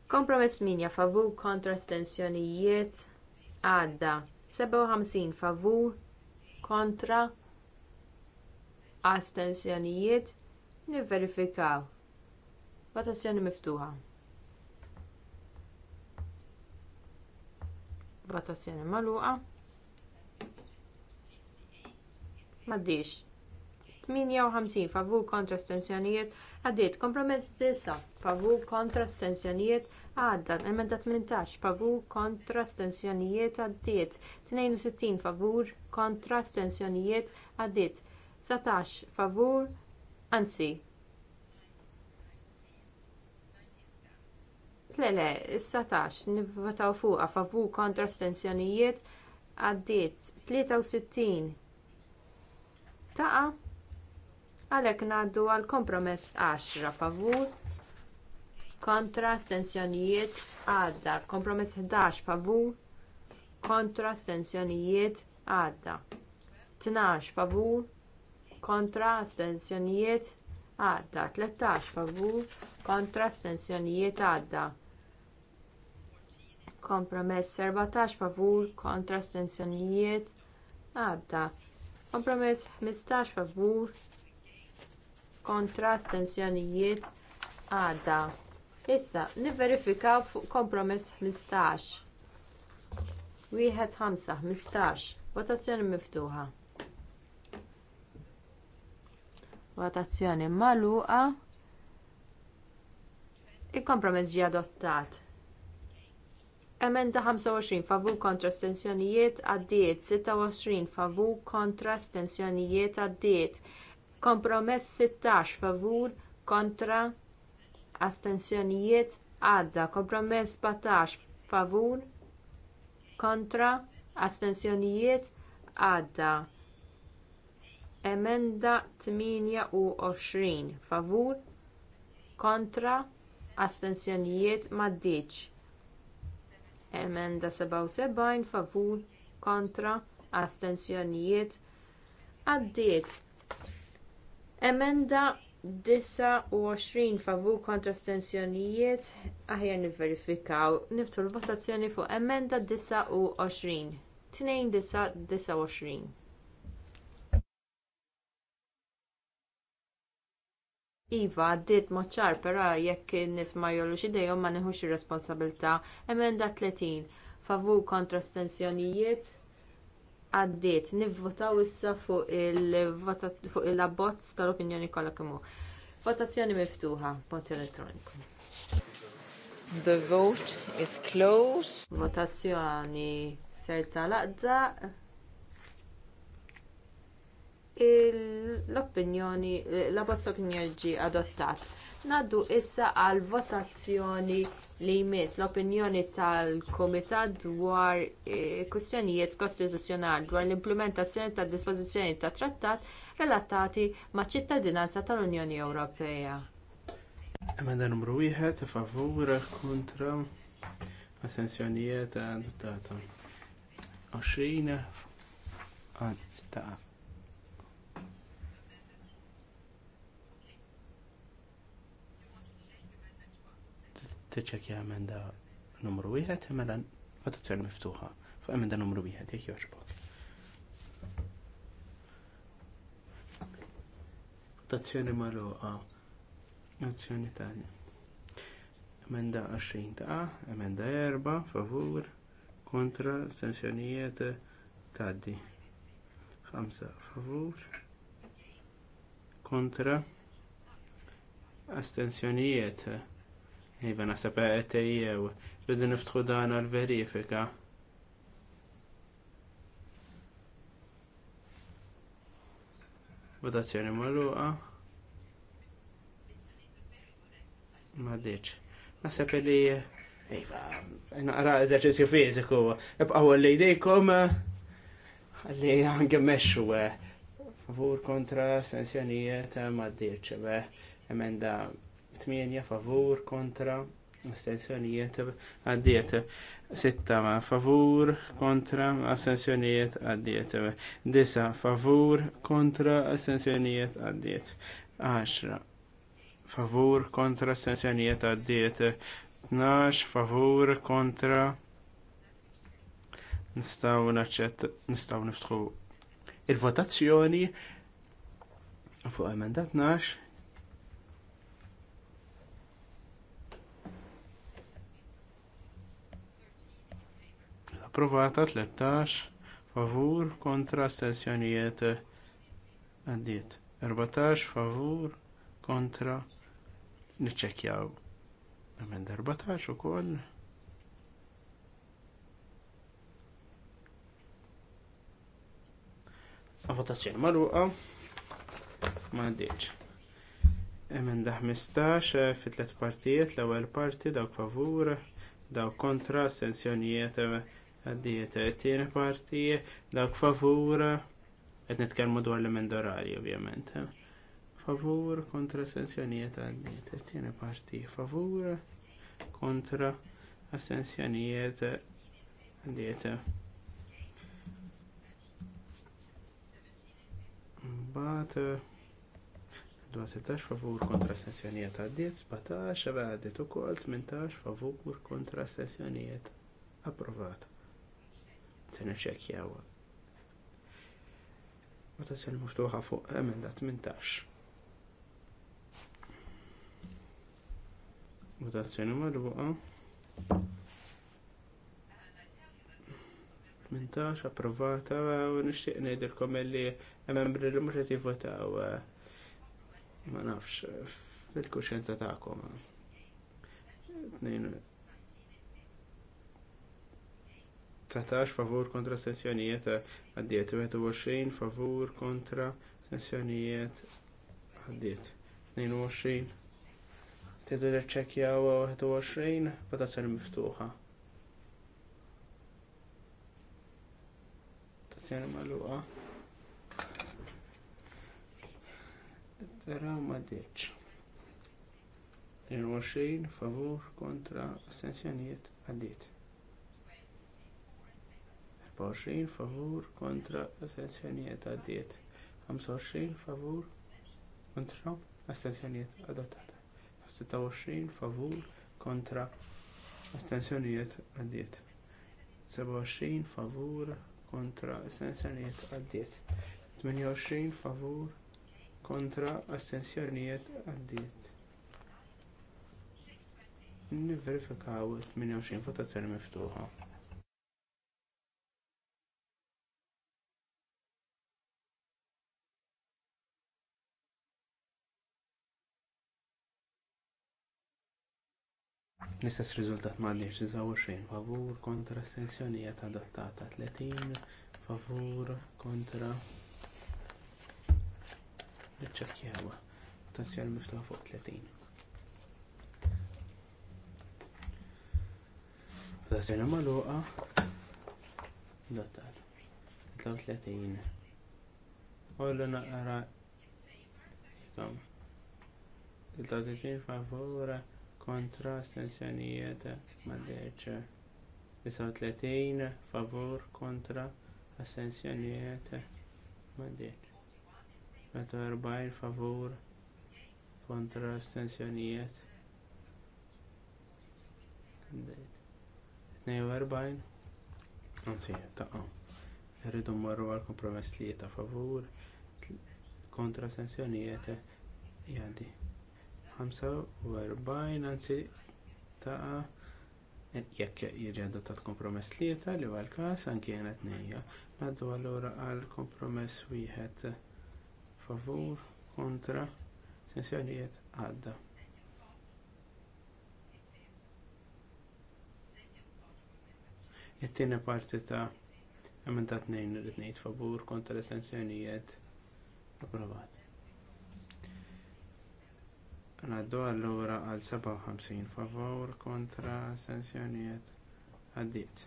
Kompromess minja favur kontra stensjonijiet għadda. 57 favur kontra astensjonijiet nivverifikaw. Votazzjoni miftuħa. Votazzjoni maluqa. Maddix. 58 favur kontra stensjonijiet Għaddiet, kompromess disa, favur kontra stenzjonijiet għadda, emenda 18, favur kontra stenzjonijiet għaddiet, 62, favur kontra stenzjonijiet għaddiet, 17, favur, anzi. Lele, 17, nivvotaw fuqha favur kontra stenzjonijiet għaddiet, 63. Taqa' Għalhekk ngħaddu għal kompromess 10 favur kontra stensjonijiet għadda. Kompromess 11 favur kontra stensjonijiet għadda. 12 favur kontra stensjonijiet għadda. 13 favur kontra stensjonijiet għadda kompromess 14 favur kontra stensjonijiet għadda. Kompromess 15 favur kontra astensjonijiet għadha Issa, niverifikaw fuq kompromess 15. Wieħed 5, 15. Votazzjoni miftuħa. Votazzjoni magħluqa. Il-kompromess ġie adottat. Emenda 25 favur kontra stensjonijiet għaddiet, 26 favur kontra stensjonijiet għaddiet, Kompromess 16 favur kontra astensjonijiet għadda. Kompromess 14 favur kontra astensjonijiet għadda. Emenda 28 favur kontra astensjonijiet maddiċ. Emenda 77 favur kontra astensjonijiet għaddiet Emenda 29 favur kontra stensjonijiet aħjar nivverifikaw niftu l-votazzjoni fuq emenda 29. 29. Iva, għaddiet moċċar, pera jekk nisma jollu xidejom ma neħux ir-responsabilta. Emenda 30 favur kontra stensjonijiet għaddiet nivvotaw issa fuq il-abbozz il abbozz tal opinjoni kollha kemm Votazzjoni miftuħa, vot elettroniku. The vote is closed. Votazzjoni ser tal-aqda. L-opinjoni, l-abbozz opinjoni ġi adottat. Naddu issa għal votazzjoni li jmiss l-opinjoni tal-Komitat dwar eh, kwistjonijiet kostituzzjonali dwar l-implementazzjoni tad dispożizzjoni ta' trattat relatati maċ ċittadinanza tal-Unjoni Ewropea. Emenda numru wieħed favur kontra assenzjonijiet 20 ta' tiċċekja emenda numru wieħed dan mela votazzjoni miftuħa fuq emenda numru wieħed jekk jogħġbok. Votazzjoni magħluqa. Votazzjoni tagħna. Emenda 20 ta' emenda 4 favur kontra sensjonijiet tgħaddi. 5 favur kontra astensjonijiet Iva nasab għetejjew, rridu niftħu dan għal-verifika. Votazzjoni maluqa. Ma diċ. Nasab li, iva, naqra eżerċizju fiziku, ibqaw li jdejkom li għanke meċu, eh, favur kontra sensjonijiet ma diċ, eh, emenda 8 favur kontra astensjonijiet għaddiet 6 favur kontra astensjonijiet għaddiet 9 favur kontra astensjonijiet għaddiet 10 favur kontra astensjonijiet għaddiet 12 favur kontra nistaw naċċett nistaw niftħu il-votazzjoni fuq emendat 12 approvata 13 favur kontra astensjonijiet għaddiet 14 favur kontra niċċekkjaw emenda 14 ukoll votazzjoni marruqa ma għaddiċ. Emenda 15 eh, fi tliet partijiet l-ewwel parti dawk favur, dawk kontra, astensjonijiet għaddiet tieni parti dak favur qed nitkellmu dwar l-emendorali ovvijament. Favur kontra assenzjonijiet għaddiet tieni parti favura kontra assenzjonijiet għaddiet. Mbagħad dwar 16 favur kontra sessjonijiet għaddiet, 17 għaddiet kol, 18 favur kontra sessjonijiet approvata. Se niċċekkjaw. Votazzjoni muftuħa fuq emenda 18. Votazzjoni madbuqa. 18 approvata u nixtieq ngħidilkom li hemm membri li mhux qed u eh, ma nafx fil kuxenta ta' koma. 19 favur kontra sessjonijiet għaddiet, 21 favur kontra sessjonijiet għaddiet, 22. Tiddu l-ċekjaw 21, votazzjoni miftuħa. Votazzjoni maluqa. Tara ma deċ. 22 favur kontra astensjonijiet għaddiet. 24 favur kontra astensjonijiet għaddiet 25 favur kontra astensjonijiet adottata 26 favur kontra astensjonijiet għaddiet 27 favur kontra astensjonijiet għaddiet 28 favur kontra astensjonijiet għaddiet Nivverifikaw 28 votazzjoni miftuħa. L-istess riżultat m'għandniex 29 favur kontra astensjonijiet adottata 30 favur kontra niċċekkjawa potenzjal miftuħa fuq 30. Votazzjoni magħluqa dottal naqra favura kontra astensjonijiet maddeċ 39 favur kontra astensjonijiet maddeċ 40 favur kontra astensjonijiet 42 Anzi, taqqa. Irridu marru għal kompromess li ta' favur kontra sensjonijiet jgħaddi. 45 anzi ta' e, jekk jiġi adottat kompromess tlieta li huwa l-każ anki jena tnejja. Naddu allura għal kompromess wieħed favur kontra sensjonijiet għadda. It-tieni parti ta' emendat nejn rrid ngħid favur kontra sensjonijiet approvat. Naddu allura għal 57 favor kontra sensjonijiet għaddiet.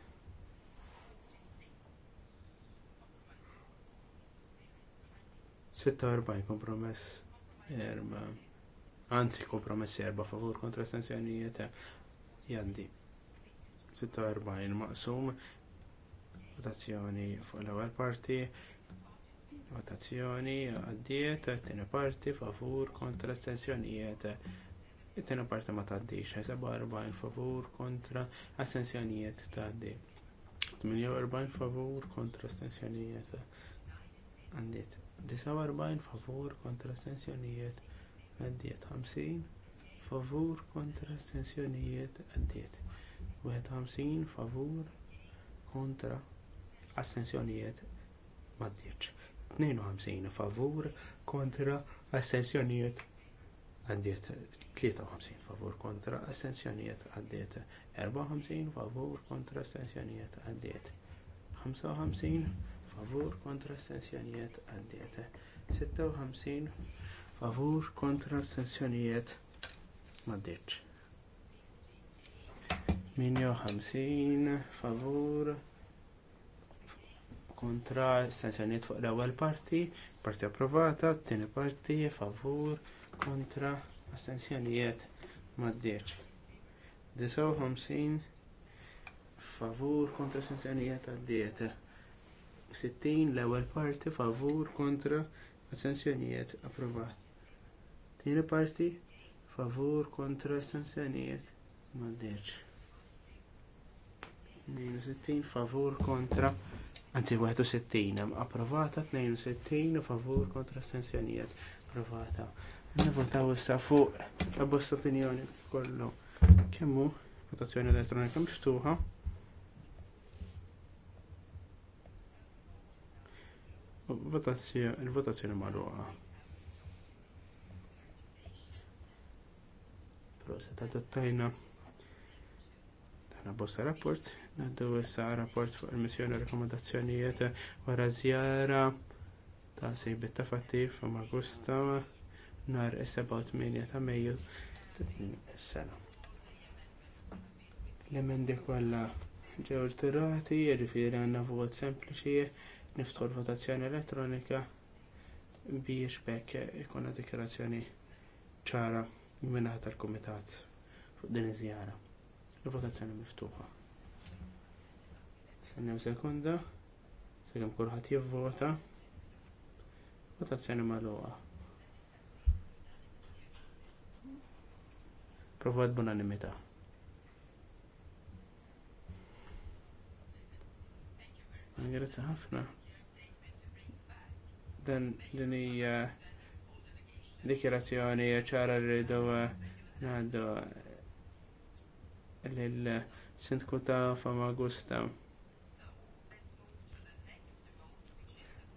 Sitta erbaj kompromess erba. Anzi kompromess erba favor kontra sensjonijiet jaddi. 46 maqsum votazzjoni fuq l-ewwel parti Votazzjoni għaddiet, t-tina parti favur kontra astensjonijiet. T-tina parti ma taddix, 47 favur kontra astensjonijiet taddi. 48 favur kontra astensjonijiet. Għaddiet, 49 favur kontra astensjonijiet. Għaddiet, 50 favur kontra astensjonijiet. Għaddiet, 51 favur kontra astensjonijiet. Maddiċ. 52 favur kontra astensjonijiet għaddiet 53 favur kontra astensjonijiet għaddiet 54 favur kontra astensjonijiet għaddiet 55 favur kontra astensjonijiet għaddiet 56 favur kontra astensjonijiet maddiċ 58 favur kontra estensjoniet fuq l-ewwel parti, parti approvata, t-tieni parti, favur, kontra, astensjonijiet maddeċ. 59 favur kontra astensjonijiet għaddiet. 60 l-ewwel parti favur kontra astensjonijiet approvat. Tieni parti favur kontra astensjonijiet maddeċ. 62 favur kontra Anzi, 61, approvata 62, favur kontra stensjonijiet, approvata. Nivotaw issa fuq la bosta opinjoni kollu. Kemmu votazzjoni elettronika miftuħa. Il-votazzjoni marruqa. Proset adottajna. Tana bosta rapport Għandu issa rapport fuq il-missjoni rekomendazzjonijiet wara żjara ta' sejbit ta' fattif f'Augusta nhar 7-8 ta' Mejju s-sena. L-emendi kollha ġew tirati, jiġifieri għandna vot sempliċi, niftħu l-votazzjoni elettronika biex bekk ikuna dikjarazzjoni ċara minnaħa tal-Kumitat fuq din iż-żjara. Il-votazzjoni miftuħa. Nistennew sekonda. Sejjem kurħat jivvota. t-sena Votazzjoni magħluqa. Provat b'unanimità. Grazzi ħafna. Dan din hija dikjerazzjoni ċara rridu eh, ngħaddu lill-Sindku ta' Famagusta.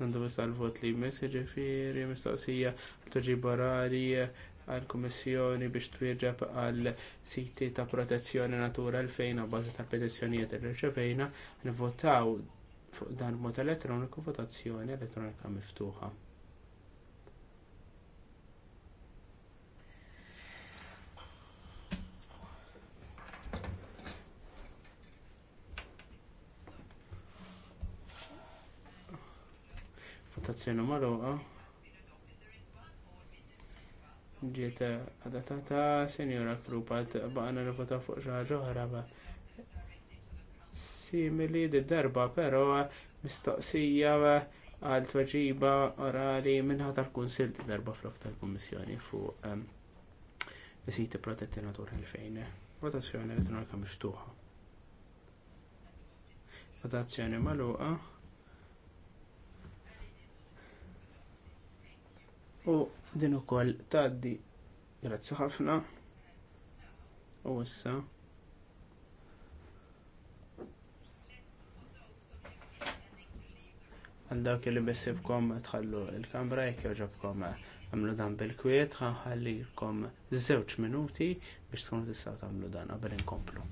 nandu tal-vot li jmiss ġifiri mistoqsija għal toġi barari għal-Komissjoni biex twirġab għal-siti ta' protezzjoni natura l fejna bazi ta' petizzjonijiet li rċevejna nivvotaw fuq dan mod elettroniku votazzjoni elettronika miftuħa. sena maroqa. Ġiet adattata Sinjura Krupat baqna nivota fuq xi ħaġa oħra simili darba pero mistoqsija għal tweġiba orali minnħat tal-Kunsil darba flok tal-Kummissjoni fuq siti protetti natura l-fejn. Votazzjoni elettronika miftuħa. Votazzjoni magħluqa. u din ukoll taddi grazzi ħafna u issa għandak li bessibkom tħallu il-kamra jekk joġobkom għamlu dan bil-kwiet ħallikom żewġ minuti biex tkunu tistaw tagħmlu dan qabel inkomplu.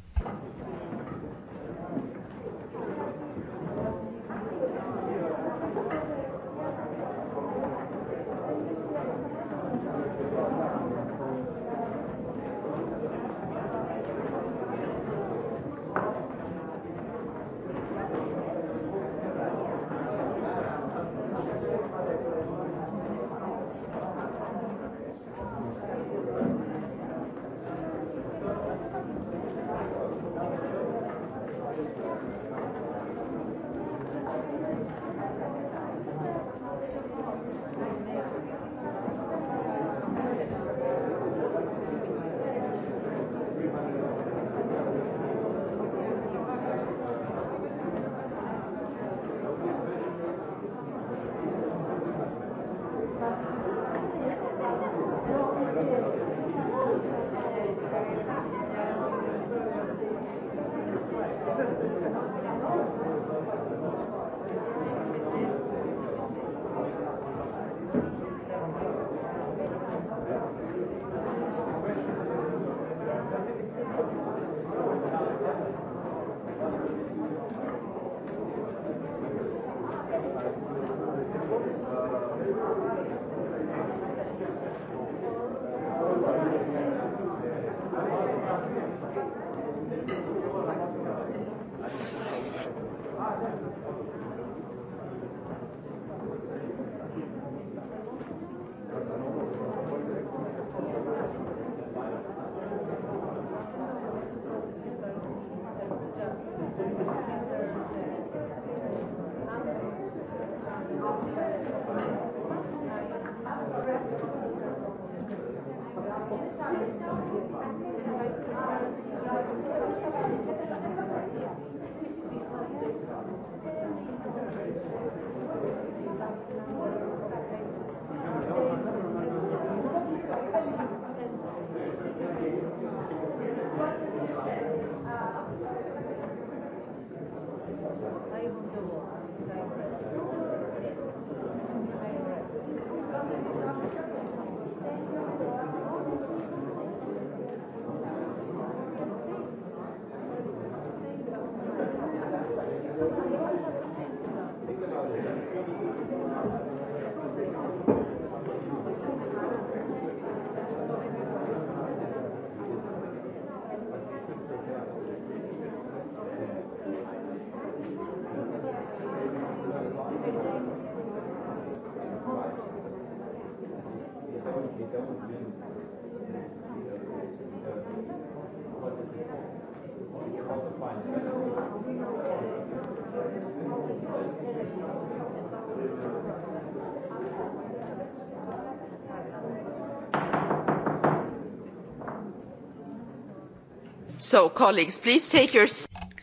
So, colleagues, please take your...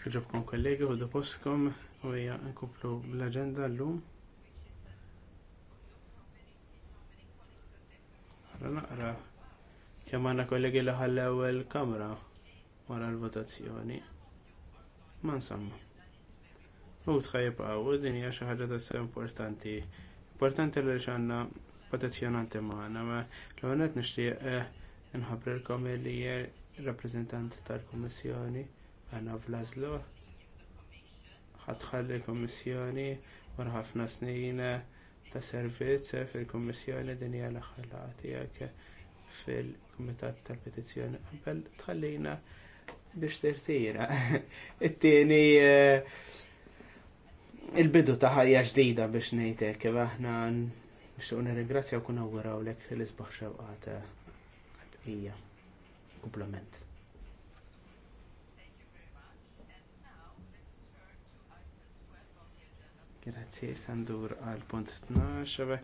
Kħuġobkom kollegi u doposkom u hija nkuplu l-agenda l-lum. Naqra, kemm għandna kollegi li ħallew il-kamra wara l-votazzjoni. Ma nsamma. U tħajib għaw, din hija xi ħaġa tassa importanti. Importanti li xanna protezzjonanti maħna, ma l-għonet nishtiq eh, nħabrilkom li il-rappresentant tal-Kommissjoni Anna Vlazlo ħatħalli l-Kommissjoni wara ħafna snin ta' servizz fil-Kommissjoni din hija l-aħħar tiegħek fil-Kumitat tal-Petizzjoni qabel tħallina biex tirtira. *laughs* It-tieni eh, il-bidu ta' ħajja ġdida biex ngħidlek aħna nixtieq nirringrazzja u kun awguraw lek l-isbaħ xewqata eh, hija kumplament. Grazzi, sandur għal punt 12,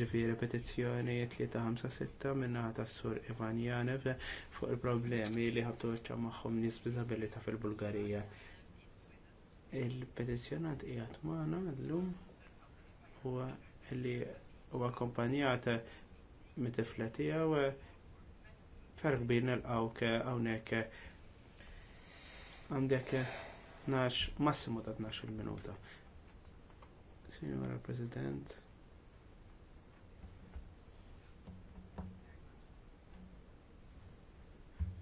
ġifiri petizzjoni 356 minna ta' sur Ivan Janev fuq il-problemi li ħabtu ċa maħħom nisbizabilita fil-Bulgarija. il petizjonat ijat maħna l-lum huwa li huwa kompanjata mit-tifla tijaw Fer kbir nilqawk hawnhekk għandek 12 massimo ta' 12 minuta. Signora President.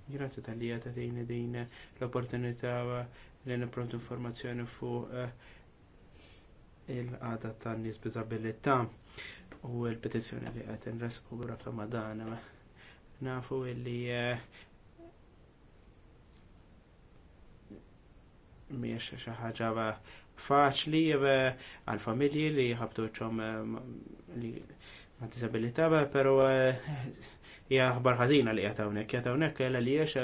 Grazie tal ta' għatatini din l-opportunità li nipprontu informazzjoni fuq eh, il-għada ta' nis bizabilità u l-petizjoni li għatin respu ta' madana nafu illi eh, miex xi ħaġa faċli għal familji li ħabtu ċom eh, li ma disabilità, pero eh, hija ħbar ħażina li qed hawnhekk, qed hawnhekk kellha li hiex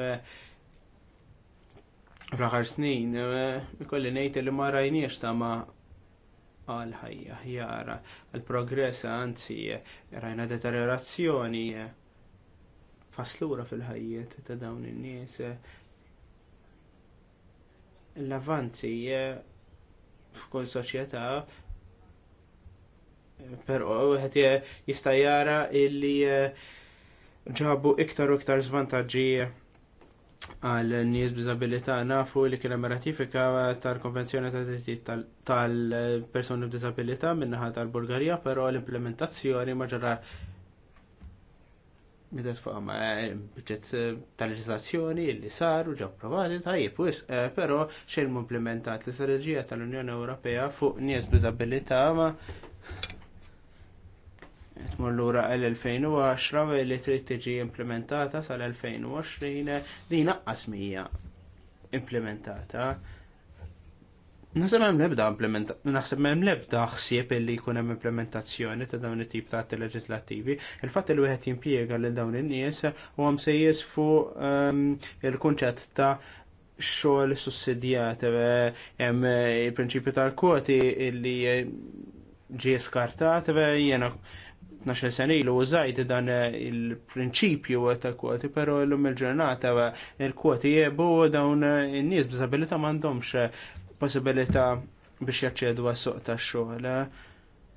fl-aħħar snin ikolli ngħid li ma rajniex ta' ma għal ħajja ħjara għal progress anzi rajna deteriorazzjoni faslura fil-ħajjiet ta' dawn in-nies l-avanzi eh, f'kull soċjetà però wieħed jista' jara illi eh, ġabu iktar u iktar żvantaġġi għal nies b'diżabilità nafu li kien hemm ratifika tal-Konvenzjoni ta' Diritti tal-Persuni b'Diżabilità min-naħa tal-Bulgarija, però l-implementazzjoni ma ġara bidet fuq budget eh, tal-leġislazzjoni li saru ġa approvati tajjeb wis, eh, però xejn implementat l-istrateġija tal-Unjoni Ewropea fuq nies b'diżabilità ma l-ura l-2010 li trid tiġi implementata sal-2020 din naqqas mija implementata. Naħseb hemm lebda naħseb hemm lebda ħsieb illi jkun hemm implementazzjoni ta' dawn it-tip ta' atti leġislattivi. Il-fatt li wieħed jimpjega lil dawn in-nies u hemm sejjes fuq ehm, il-kunċett ta' xogħol sussidjat eh, hemm il-prinċipju tal-kwoti illi eh, ġie skartat eh, jiena 12 sen ilu użajt dan il-prinċipju ta' kwoti, pero l-lum il-ġurnata il-kwoti jebu dawn in-nies b'izabilita m'għandhomx possibilità biex jaċċedu għas-suq tax-xogħol.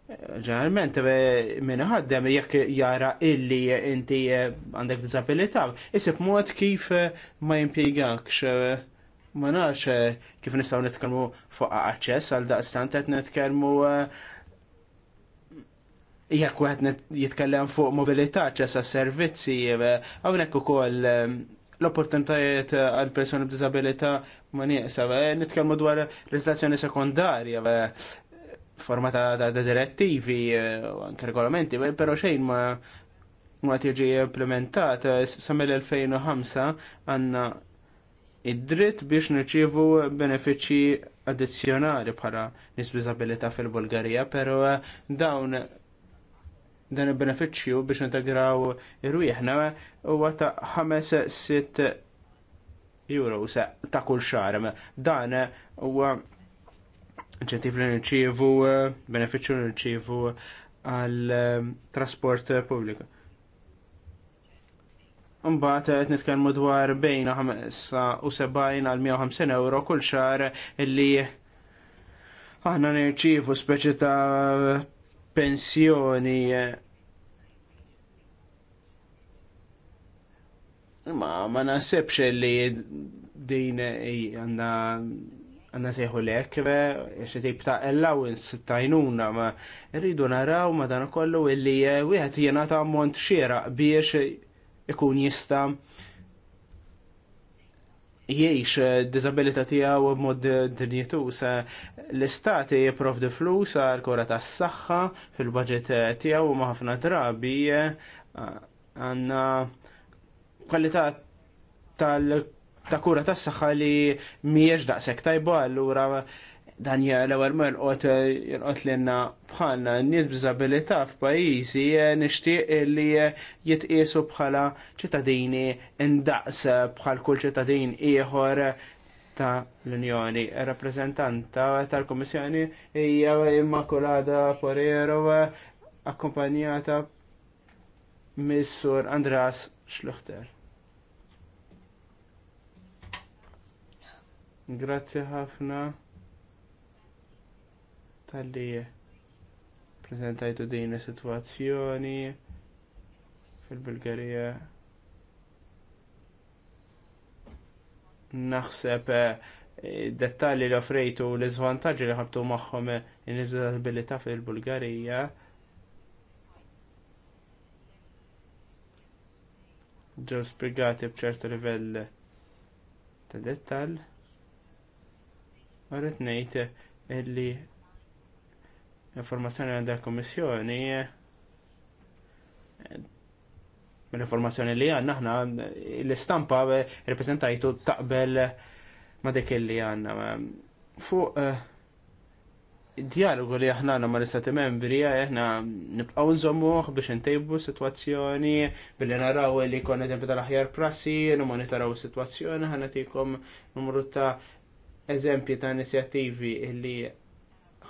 Ġeneralment, eh, minn ħaddem jekk jara illi inti eh, għandek disabilità, isib mod kif eh, ma jimpjegakx. Ma nafx kif nistgħu nitkellmu fuq aċċess għal daqstant qed nitkellmu jekk wieħed jitkellem fuq mobilità aċċess għas-servizzi, hawnhekk ukoll l-opportunitajiet għal persuni b'disabilità ma nieqsa. Eh, nitkellmu dwar legislazzjoni sekundarja eh, forma ta' direttivi, eh, anke regolamenti, però xejn ma ma tiġi implementat sa mill-2005 għandna id-dritt biex nirċievu benefiċċji addizzjonali bħala nies fil-Bulgarija, pero dawn dan il benefiċċju biex integraw ir-wieħna huwa ta' 5-6 euro ta' kull xar. Dan huwa ġentif li nirċievu benefiċċju li nirċievu għal eh, trasport pubbliku. Mbagħad qed nitkellmu dwar bejn 75 għal 150 euro kull xar illi aħna nirċievu speċi ta' pensjoni ma ma li din għandna għanna seħu lek, xe tip ta' allowance tajnuna, ma rridu naraw ma dan kollu illi eh, wieħed jena ta' mont xieraq biex ikun jista' jiex eh, disabilita tijaw b-mod dinjitu sa l-istati di flus għal kura tas saħħa fil-budget eh, tijaw ma ħafna drabi eh, għanna kwalità tal ta' kura tas saħħa li miex daqsek tajba allura dan l-ewwel merqot jirqot eh, lilna bħalna n-nies b'żabilità f'pajjiżi eh, nixtieq li eh, jitqiesu bħala ċittadini indaqs bħal kull ċittadin ieħor ta' l-Unjoni. Rappreżentanta tal-Kummissjoni hija Immakulada Porero akkompanjata Missur Andras Schluchter. Grazie ħafna tal-li prezentajtu din is-sitwazzjoni fil-Bulgarija. Naħseb eh, dettalji li offrejtu l iżvantaġġi li ħabtu magħhom in nizzabilita fil-Bulgarija. Ġew spiegati b'ċertu livell ta' dettall. Marret nejt illi informazzjoni għandha l-Kummissjoni l-informazzjoni li għanna ħna l-istampa reprezentajtu taqbel ma dik li għanna. Fuq eh, dialogu li aħna għanna ma l-istati membri eh, aħna nibqaw nżommuħ biex ntejbu situazzjoni billi naraw li kon eżempju tal-aħjar prassi, n-monitoraw situazzjoni, ħanna tikom numru ta' eżempji ta' inizjattivi li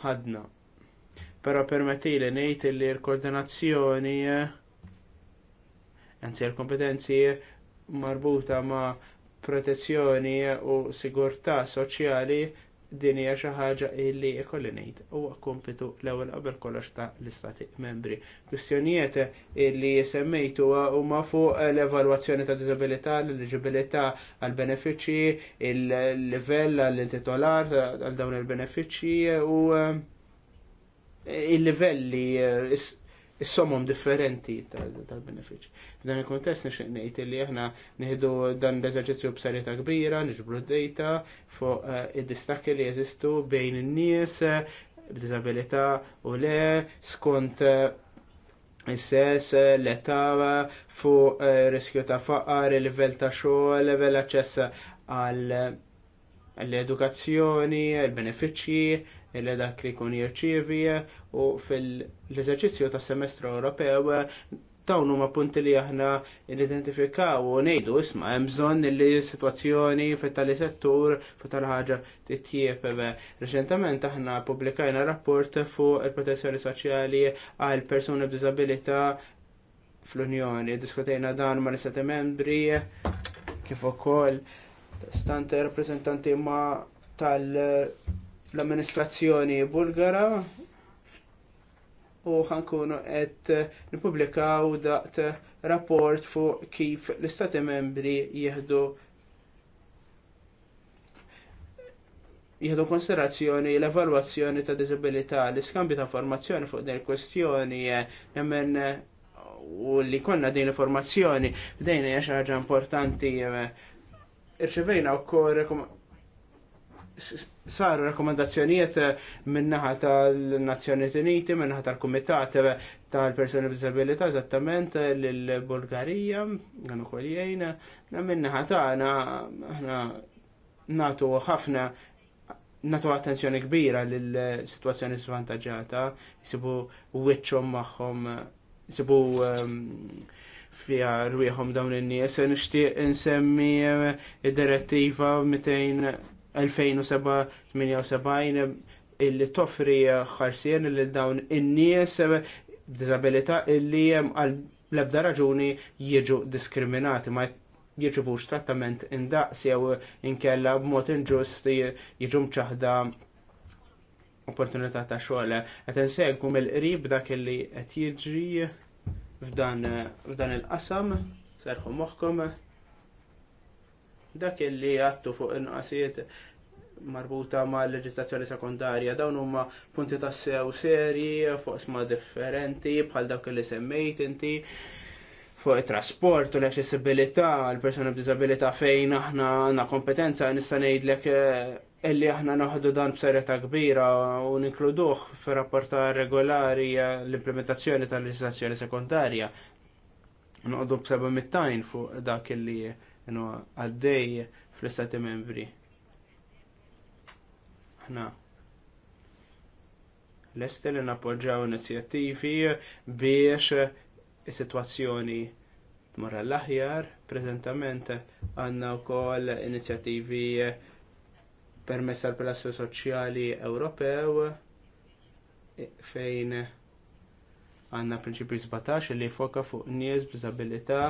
ħadna Pero permettili ngħid li l-koordinazzjoni eh, anzi l-kompetenzi marbuta ma' protezzjoni u sigurtà soċjali din hija xi ħaġa li ikolli ngħid huwa kompitu l-ewwel qabel kollox ta' l-istati membri. Kwistjonijiet li semmejtu huma fuq l-evalwazzjoni ta' diżabilità, l-eliġibilità għal benefiċċji, il-livell għall intitolar għal dawn il-benefiċċji u eh, il-livelli eh, is-somom differenti tal-benefiċ. F'dan il-kontest nixtieq ngħid li aħna nieħdu dan l-eżerċizzju b'serjetà kbira, niġbru d-dejta fuq eh, id-distakki li jeżistu bejn in-nies eh, b'diżabilità u le skont Is-sess, l-età, fuq riskju ta' faqar, il-level ta' xogħol, level aċċess għall edukazzjoni il-benefiċċji, il dak li jkun jirċievi u fil-eżerċizzju tas semestru Ewropew dawn huma punti li aħna identifikaw u ngħidu isma' hemm bżonn li s-sitwazzjoni fit tali settur fit tal ħaġa titjieb. Reċentament aħna publikajna rapport fuq il-protezzjoni soċjali għal persuni b'diżabilità fl-Unjoni. Diskutejna dan ma' l-istati membri kif ukoll stante rappresentanti ma tal l-amministrazzjoni bulgara u ħankunu qed nippubblikaw daqt rapport fuq kif l-istati membri jieħdu jieħdu konsiderazzjoni l-evalwazzjoni ta' disabilità, l iskambi ta' informazzjoni fuq din il-kwestjoni jemmen u li konna din l-informazzjoni dejna hija xi ħaġa importanti u wkoll saru rekomendazzjonijiet eh, minnaħa tal-Nazzjoniet Uniti, minnaħa tal-Kumitat eh, tal-Personi Bizabilita, eżattament lill-Bulgarija, eh, għan ukoll jgħinna, minnaħa tagħna aħna natu ħafna natu attenzjoni kbira lill-sitwazzjoni svantagġata, jisibu wiċċhom magħhom, jisibu ehm, fija rwieħhom dawn in-nies, nixtieq insemmi id-direttiva 200 2078 illi toffri ħarsien illi dawn in-nies b'diżabilità illi għal l-ebda raġuni jiġu diskriminati ma jirċivux trattament indaqs jew inkella b'mod inġust jiġu mċaħda opportunità ta' xogħol. Qed insegwu mill-qrib dak illi qed jiġri f'dan il-qasam, serħu moħħkom dak illi għattu fuq inqasiet marbuta ma' leġislazzjoni sekundarja. Dawn huma punti ta' sew serji fuq sma differenti bħal dak li semmejt inti fuq it-trasport u l-accessibilità l persona b'disabilità fejn aħna għandna kompetenza nista' ngħidlek eh, illi aħna naħdu dan b'serjetà kbira u ninkluduh fir-rapporta regolari eh, l-implementazzjoni tal-leġislazzjoni sekundarja. Noqdu b'seba mittajn fuq dak illi għaddej fl-istati membri. Ħna l-esti li nappoġġaw inizjattivi biex is-sitwazzjoni tmorra l-aħjar, preżentament għandna wkoll inizjattivi permess għal pilastru soċjali Ewropew fejn għandna prinċipju 17 li foka fuq nies b'disabilità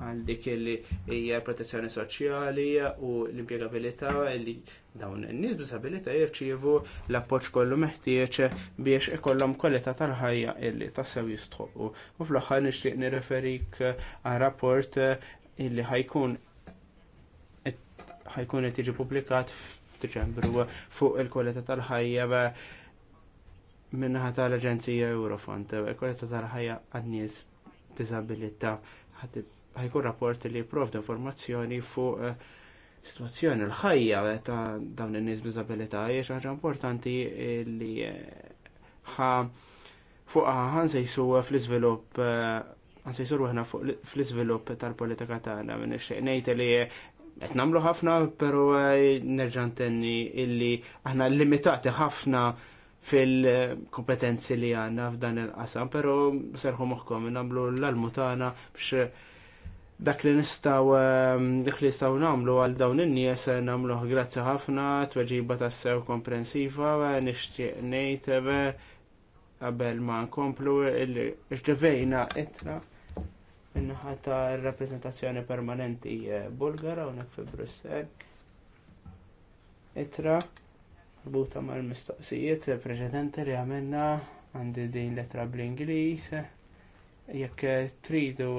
għal dik li hija protezzjoni soċjali u l-impjegabilità li dawn in-nies b'disabilità jirċievu l-appoġġ kollu meħtieġ biex ikollhom kwalità tal-ħajja illi tassew jistħoqu. U fl-aħħar nixtieq nirreferik għal rapport illi ħajkun ħajkun qed jiġi pubblikat f'Diċembru fuq il-kwalità tal-ħajja minnaħa tal-Aġenzija Eurofond, kwalità tal-ħajja għan-nies b'diżabilità ħadd ħajkun rapport li provda informazzjoni fuq eh, situazzjoni l-ħajja ta' dawn in-nies b'diżabilità hija ħaġa importanti li eh, ħa fuq ħan sejsu fl-iżvilupp eh, ħan sejsu ruħna fl-iżvilupp tal-politika tagħna minn ngħid li qed nagħmlu ħafna però nerġa' ntenni illi aħna limitati ħafna fil-kompetenzi li għanna f'dan il-qasam, pero serħu moħkom, namlu l-almu tagħna biex dak li nistaw ehm, dak li nistaw namlu għal dawn in-nies eh, namlu grazzi ħafna tweġiba sew komprensiva eh, nixtieq ngħid għabel eh, ma nkomplu irġevejna etra, minnaħa ta' rappresentazzjoni permanenti Bulgara unek fi Brussel. Itra ma' mal-mistoqsijiet preċedenti li għamilna għandi din letra bl-Ingliż jekk tridu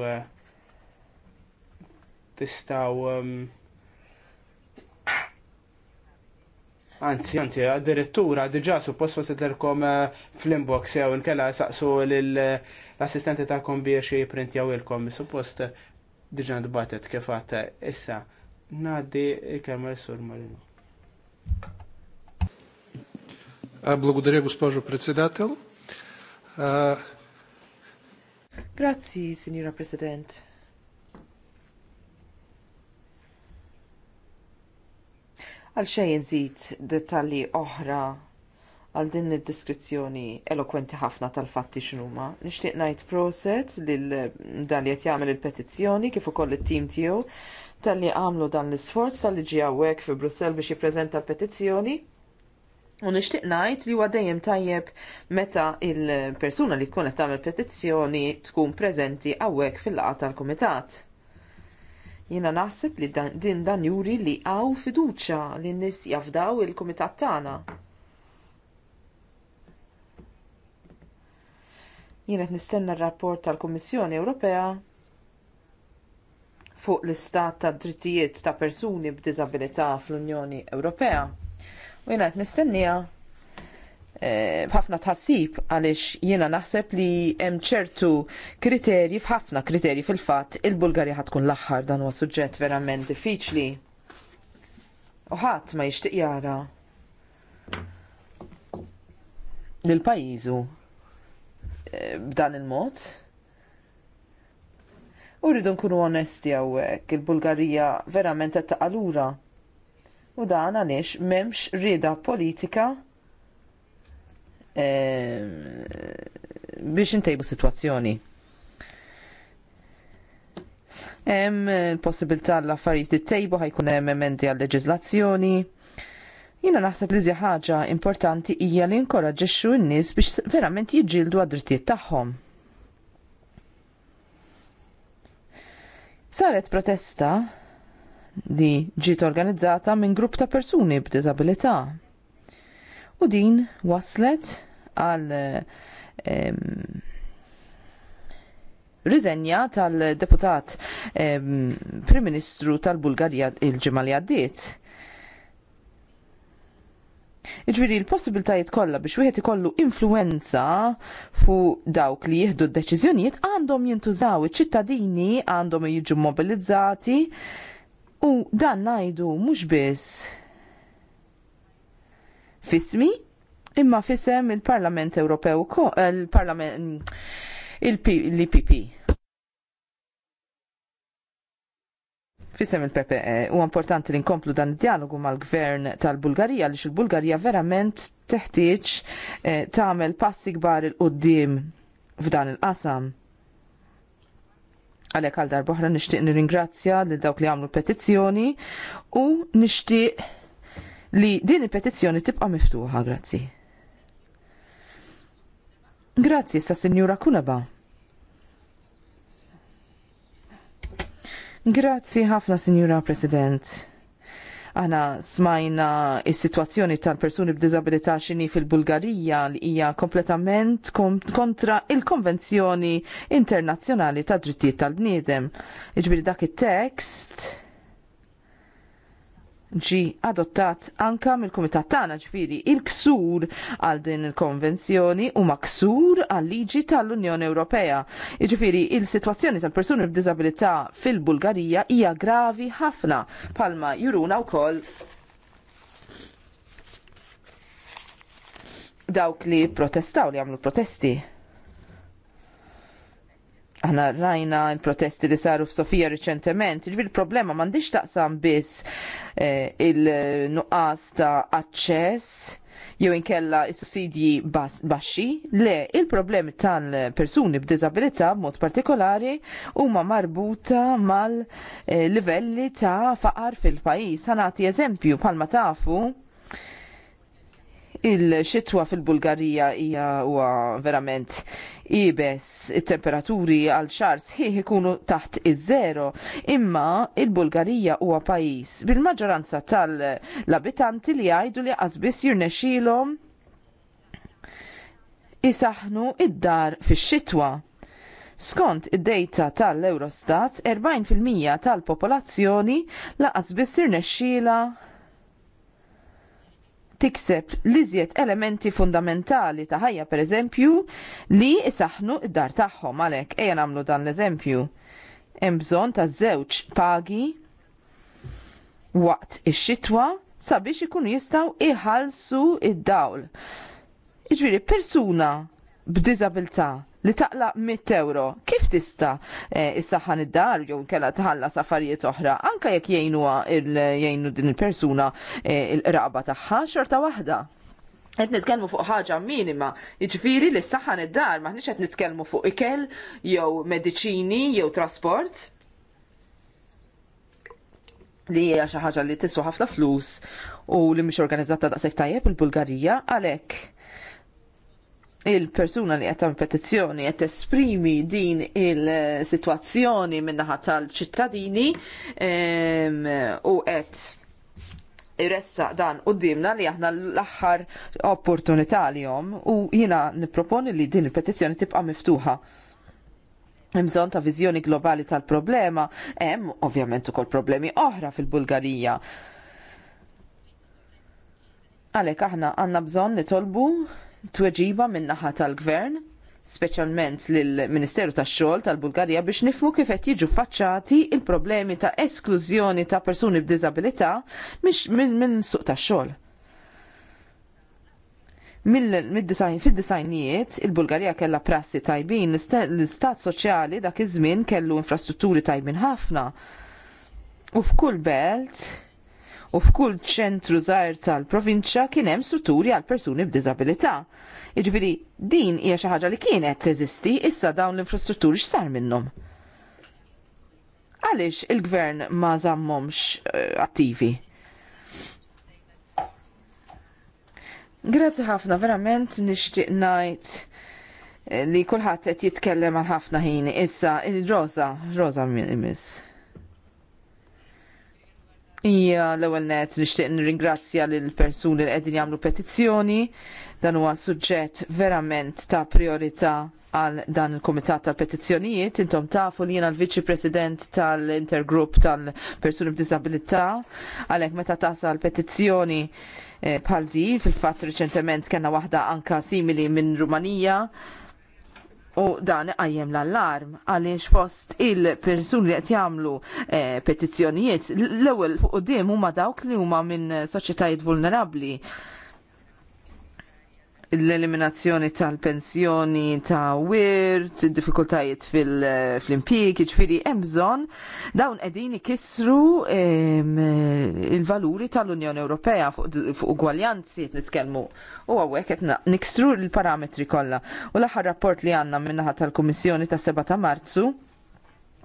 tistaw um, Anzi, anzi, addirittura diġa suppost wasilkom uh, fl-inbox jew nkella saqsu uh, l-assistenti kom biex il-kom, Suppost uh, diġa dbatet kif għatta issa naddi il-kamera sur Marino. Ah, благодаря, госпожо председател. Grazzi, signora President. għal xejn żid dettalji oħra għal din id-diskrizzjoni elokwenti ħafna tal-fatti x'numa. Nixtieq ngħid proset lil dan li qed jagħmel il-petizzjoni kif ukoll it-tim tiegħu tal-li għamlu dan l-isforz tal-li ġi hawnhekk fi Brussell biex jippreżenta l-petizzjoni. U nixtieq ngħid li huwa dejjem tajjeb meta il-persuna li jkun qed tagħmel petizzjoni tkun preżenti hawnhekk fil-laqgħa tal-kumitat. Jiena naħseb li din dan juri li għaw fiduċa li n-nis jafdaw il-komitat tagħna. Jiena qed nistenna r-rapport tal-Kummissjoni Ewropea fuq l-istat tad drittijiet ta' persuni b'diżabilità fl-Unjoni Ewropea. U jiena qed nistennija Eh, b'ħafna tħassib għaliex jiena naħseb li hemm ċertu kriterji f'ħafna kriterji fil-fatt il-Bulgarija ħatkun l-aħħar dan huwa suġġett verament diffiċli. U ħadd ma jixtieq jara lil pajjiżu eh, b'dan il-mod. U rridu nkunu onesti hawnhekk, il-Bulgarija verament qed taqalura. U dan għaliex m'hemmx rieda politika Eh, biex intejbu situazzjoni. Hemm il-possibilità l-affarijiet ittejbu ħajkun hemm emendi għal leġiżlazzjoni. Jiena naħseb li ħaġa importanti hija li nkoraġġixxu n-nies biex verament jiġġieldu għad-drittijiet tagħhom. Saret protesta li ġiet organizzata minn grupp ta' persuni b'diżabilità u din waslet għal riżenja tal-deputat Prim Ministru tal-Bulgarija il-ġimgħa li għaddiet. Iġviri, l-possibiltajiet kollha biex wieħed ikollu influenza fu dawk li jieħdu d-deċiżjonijiet għandhom jintużaw iċ-ċittadini għandhom jiġu mobilizzati u dan ngħidu mhux biss fismi imma fisem il-Parlament Ewropew eh, il-Parlament mm, il-PP. Fisem il-PPE u importanti li nkomplu dan id-dialogu mal-gvern tal-Bulgarija li il-Bulgarija verament teħtieġ eh, tagħmel passi kbar il-qoddim f'dan il-qasam. Għalhekk għal darbohra nixtieq nirringrazzja lil dawk li għamlu petizzjoni u nixtieq li din il-petizzjoni tibqa' miftuħa, grazzi. Grazzi sa' Sinjura Kunaba. Grazzi ħafna, Sinjura President għana smajna is situazzjoni tal-persuni b'dizabilità xini fil-Bulgarija li hija kompletament kontra il-Konvenzjoni Internazzjonali ta' Drittijiet tal-Bniedem. Iġbiri dak it-tekst ġi adottat anka mill-Kumitat tagħna ġifieri il-ksur għal din il-konvenzjoni u maksur għal liġi tal-Unjoni Ewropea. Jiġifieri il-sitwazzjoni tal-persuni b'diżabilità fil-Bulgarija hija gravi ħafna palma juruna wkoll dawk li protestaw li għamlu protesti. Aħna rajna il-protesti li saru f'Sofija riċentement, il problema mandiġ taqsam biss eh, il-nuqqas ta' access jew inkella s-sussidji baxxi, le il-problemi tal-persuni b'dizabilità b'mod partikolari huma marbuta mal-livelli eh, ta' faqar fil-pajis. Ħanati eżempju palma tafu Il-xitwa fil-Bulgarija hija huwa verament ibes it-temperaturi għal xar sħiħ ikunu taħt iż-żero, imma il-Bulgarija huwa pajjiż bil-maġġoranza tal-abitanti li jgħidu li għazbis jirnexilhom isaħnu id-dar fix-xitwa. Skont id-dejta tal-Eurostat, 40% tal-popolazzjoni laqas biss irnexxiela tikseb liżjed elementi fundamentali ta' ħajja pereżempju li isaħnu id-dar tagħhom għalhekk ejja nagħmlu dan l-eżempju. Hemm bżonn ta' żewġ pagi waqt ix-xitwa sabiex ikunu jistgħu iħallsu id-dawl. Jiġifieri persuna b'diżabilità li taqlaq 100 euro, kif tista is eh, issaħħan id-dar jew kella tħalla safarijiet oħra, anka jekk jgħinu jgħinu din il-persuna l eh, il-qraba tagħha xorta waħda. Qed nitkellmu fuq ħaġa minima, jiġifieri li s-saħħan id-dar maħniex qed nitkellmu fuq ikel jew mediċini jew trasport li hija xi ħaġa li tiswa ħafna flus u li mhix organizzata daqshekk tajjeb il-Bulgarija għalhekk il-persuna li għetta petizzjoni għet esprimi din il-situazzjoni minnaħa tal-ċittadini u għet irressa dan u dimna li aħna l-axħar opportunità li jom u jina niproponi li din il-petizzjoni tibqa miftuħa. Imżon ta' viżjoni globali tal-problema, hemm ovvjament ukoll problemi oħra fil-Bulgarija. Għalek aħna għanna bżon nitolbu tweġiba min-naħa tal-gvern, speċjalment lill-Ministeru tax-xogħol tal-Bulgarija biex nifmu kif qed jiġu faċċati l problemi ta' esklużjoni ta' persuni b'diżabilità minn suq tax-xogħol. Mid-design fid-disajnijiet, il-Bulgarija kellha prassi tajbin, l-istat soċjali dak iż-żmien kellu infrastrutturi tajbin ħafna. U f'kull belt u f'kull ċentru żgħir tal-provinċja kien hemm strutturi għal persuni b'diżabilità. Jiġifieri din hija xi ħaġa li kienet teżisti issa dawn l-infrastrutturi x'sar minnhom Għaliex il-gvern ma żammhomx eh, attivi? Grazzi ħafna, verament nixtieq ngħid eh, li kulħadd qed jitkellem għal ħafna ħin. Issa, Rosa, Rosa miss. Ija, l ewwel net, nixtieq nirringrazzja lill persuni li qegħdin jagħmlu petizzjoni. Dan huwa suġġett verament ta' priorità għal dan il kumitat tal-Petizzjonijiet. Intom tafu li jiena l-Viċi President tal-Intergrupp tal-Persuni b'Disabilità. Għalhekk meta tasal petizzjoni eh, bħal di, fil-fatt riċentement kellna waħda anka simili minn Rumanija U dan għajjem l-allarm għaliex fost il-persuni li qed jagħmlu eh, petizzjonijiet l-ewwel fuq quddiem huma dawk li huma minn soċjetajiet vulnerabbli l-eliminazzjoni tal-pensjoni ta' wirt, diffikultajiet fil impik ġifieri hemm bżonn dawn qegħdin kisru il-valuri tal-Unjoni Ewropea fuq ugwaljanzi qed nitkellmu u għawek qed niksru l-parametri kollha. U l-aħħar rapport li għandna min-naħa tal-Kummissjoni ta' 7 ta' Marzu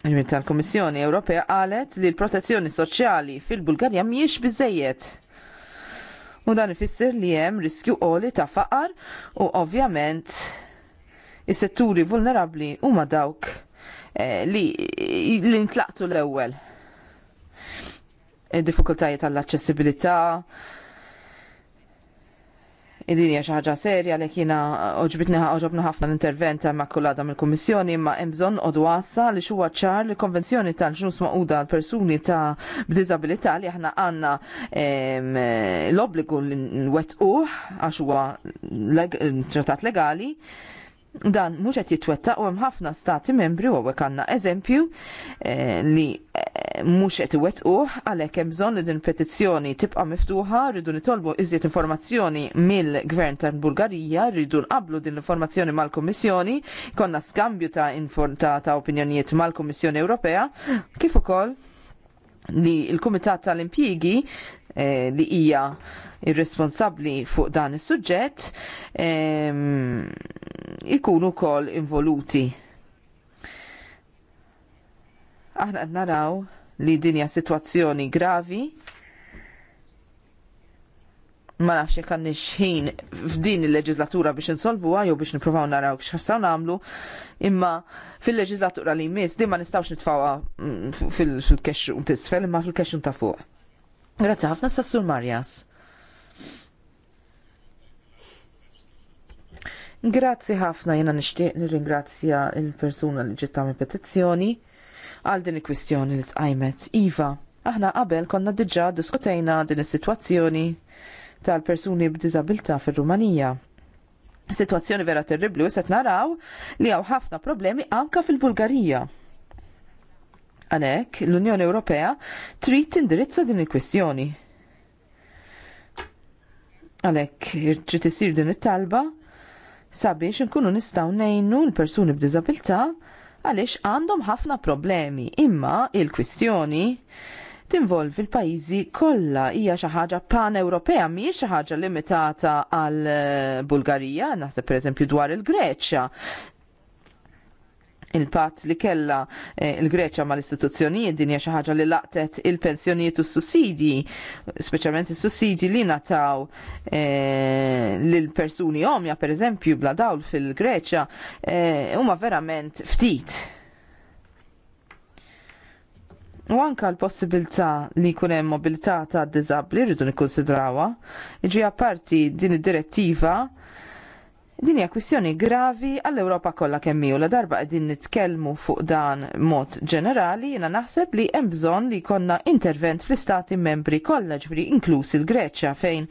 il tal-Kummissjoni Ewropea qalet li l-protezzjoni soċjali fil-Bulgarja mhijiex biżejjed u dan ifisser li hemm riskju qoli ta' faqar u ovvjament is-setturi vulnerabbli huma dawk eh, li, li ntlaqtu l-ewwel. Eh, diffikultajiet tal-aċċessibilità, id hija xi ħaġa serja li kiena oġbitni oġobna ħafna l-intervent ta' makkulada mill-Kummissjoni imma hemm bżonn qogħdu li huwa ċar li konvenzjoni tal-ġnus maquda l persuni ta' b'diżabilità li aħna għandna l-obbligu li nwettquh għax huwa trattat legali dan mhux qed jitwettaq u hemm ħafna stati membri u hekk għandna eżempju eh, li eh, mhux qed iwettquh għalhekk hemm bżonn li din petizzjoni tibqa' miftuħa, rridu nitolbu iżjed informazzjoni mill-Gvern tal-Bulgarija, rridu nqablu din l-informazzjoni mal-Kummissjoni, konna skambju ta' ta', ta opinjonijiet mal-Kummissjoni Ewropea, kif ukoll li l-Kumitat tal-Impjigi Eh, li hija irresponsabbli fuq dan is-suġġett ehm, ikunu wkoll involuti. Aħna qed naraw li din hija sitwazzjoni gravi ma nafx jekk għandix ħin f'din il-leġislatura biex insolvuha jew biex nippruvaw naraw x'ħassaw nagħmlu, imma fil-leġislatura li jmiss din ma nistgħux nitfgħuha mm, fil-kexxun tisfel imma fil-kexxun ta' fuq. Grazzi ħafna Sassur Marjas. Grazzi ħafna jena nishtiq nirringrazzja il-persuna li ġitta minn petizzjoni għal din il-kwistjoni li tqajmet. Iva, aħna qabel konna diġà diskutejna din is-sitwazzjoni tal-persuni b'diżabilità fir-Rumanija. Sitwazzjoni vera terribli u set naraw li hawn ħafna problemi anka fil-Bulgarija. Għalhekk l-Unjoni Ewropea trid tindirizza din il-kwistjoni. Għalhekk trid isir din it-talba sabiex inkunu nistgħu ngħinu l-persuni b'diżabilità għaliex għandhom ħafna problemi imma il-kwistjoni tinvolvi l-pajjiżi kollha hija xi ħaġa pan-Ewropea mhijiex xi ħaġa limitata għal Bulgarija, naħseb pereżempju dwar il-Greċja il-pat li kella eh, il-Greċa ma l-istituzzjonijiet din hija xi ħaġa li laqtet il-pensjonijiet u s-sussidji, speċjalment is-sussidji li nataw eh, lil persuni omja pereżempju bla dawl fil-Greċa eh, huma verament ftit. U anka l-possibilità li jkun hemm mobilità ta' diżabbli rridu nikkonsidrawha. Iġi apparti din id-direttiva Din hija kwistjoni gravi għall-Ewropa kollha kemm hu la darba qegħdin nitkellmu fuq dan mod ġenerali jiena naħseb li hemm bżonn li jkollna intervent fl-istati membri kollha ġifieri inkluż il-Greċja fejn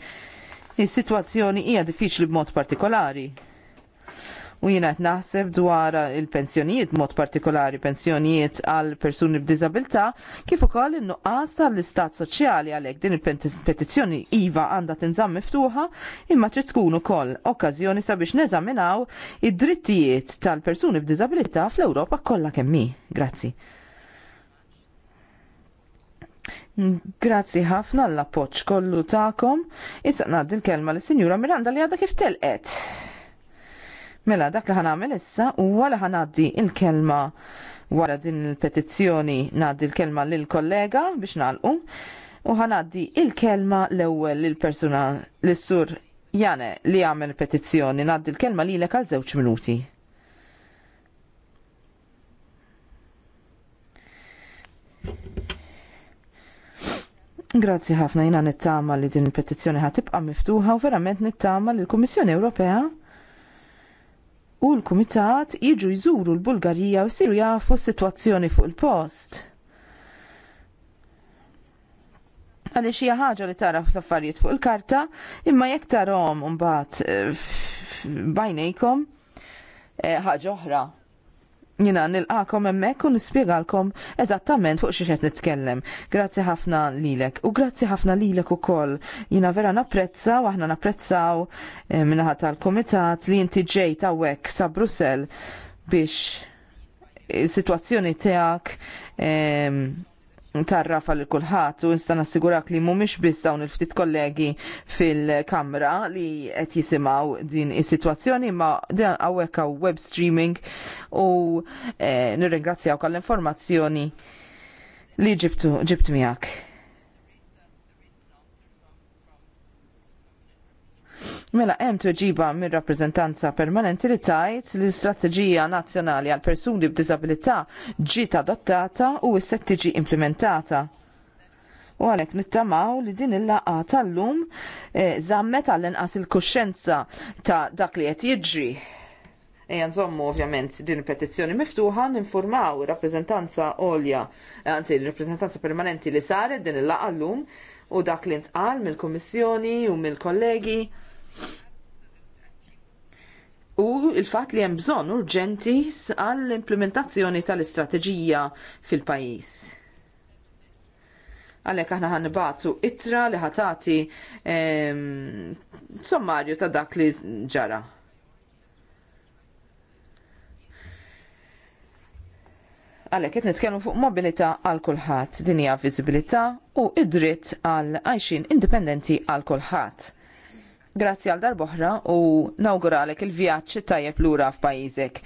is-sitwazzjoni hija diffiċli b'mod partikolari u jiena qed naħseb dwar il-pensjonijiet mod partikolari pensjonijiet għal persuni b'diżabilità kif ukoll in-nuqqas tal-istat soċjali għalhekk din il-petizzjoni iva għandha tinżamm miftuħa imma trid tkun ukoll okkażjoni sabiex neżaminaw id-drittijiet tal-persuni b'diżabilità fl-Ewropa kollha kemm hi. Grazzi. Grazzi ħafna l appoġġ kollu tagħkom. Issa ngħaddi l-kelma lis sinjura Miranda li għadha kif telqet. Mela, dak li ħanamel issa u għala ħanaddi il-kelma wara din il-petizzjoni naddi il-kelma lil-kollega biex nalqu u ħanaddi il-kelma l-ewwel lill-persuna l-sur Jane li għamel petizzjoni naddi il kelma li l-ek għal zewċ minuti. Grazzi ħafna jina nittama li din il-petizzjoni ħatibqa miftuħa u verament nittama li l-Kommissjoni Ewropea u l-Kumitat jiġu jżuru l-Bulgarija u jsiru jafu s-sitwazzjoni fuq il-post. Għaliex hija ħaġa li tara taffariet fuq il-karta, imma jekk tarahom mbagħad eh, bajnejkom eh, ħaġa oħra jina nilqakom emmek u nispiegalkom eżattament fuq xiexet nitkellem. Grazzi ħafna lilek u grazzi ħafna lilek u koll. Jina vera napprezza u aħna napprezzaw eh, minnaħat tal-komitat li inti ġej tawek sa Brussel biex il-situazzjoni eh, tijak tarrafa li kulħadd u nista' nassigurak li mhumiex biss dawn il-ftit kollegi fil-kamra li qed jisimgħu din is-sitwazzjoni ma dan hawnhekk hawn web streaming u e, eh, nirringrazzjaw għall-informazzjoni li ġibtu ġibt miegħek. Mela hemm tweġiba mir-rappreżentanza permanenti li tajt li l-istrateġija nazzjonali għal persuni b'diżabilità ġiet adottata u issa tiġi implementata. U għalhekk nittamaw li din il laqgħa tal-lum eh, zammet għall-inqas il-kuxenza ta' dak li qed jiġri. Ejja nżommu ovvjament din il-petizzjoni miftuħa ninformaw ir-rappreżentanza għolja, eh, anzi ir rappreżentanza permanenti li saret din il laqgħa llum u dak li ntqal mill-Kummissjoni u mill-kollegi u il-fat li hemm bżonn urġenti għall-implementazzjoni tal-istrateġija fil-pajjiż. Għalhekk aħna ħanibatu ittra li ħatati ehm, sommarju ta' dak li ġara. Għalhekk qed nitkellmu fuq mobilità għal kulħadd, din hija viżibilità u id-dritt għal għajxin indipendenti għal kulħadd Grazzi għal darboħra u nawguralek il-vjaċ tajjeb lura f'pajjiżek.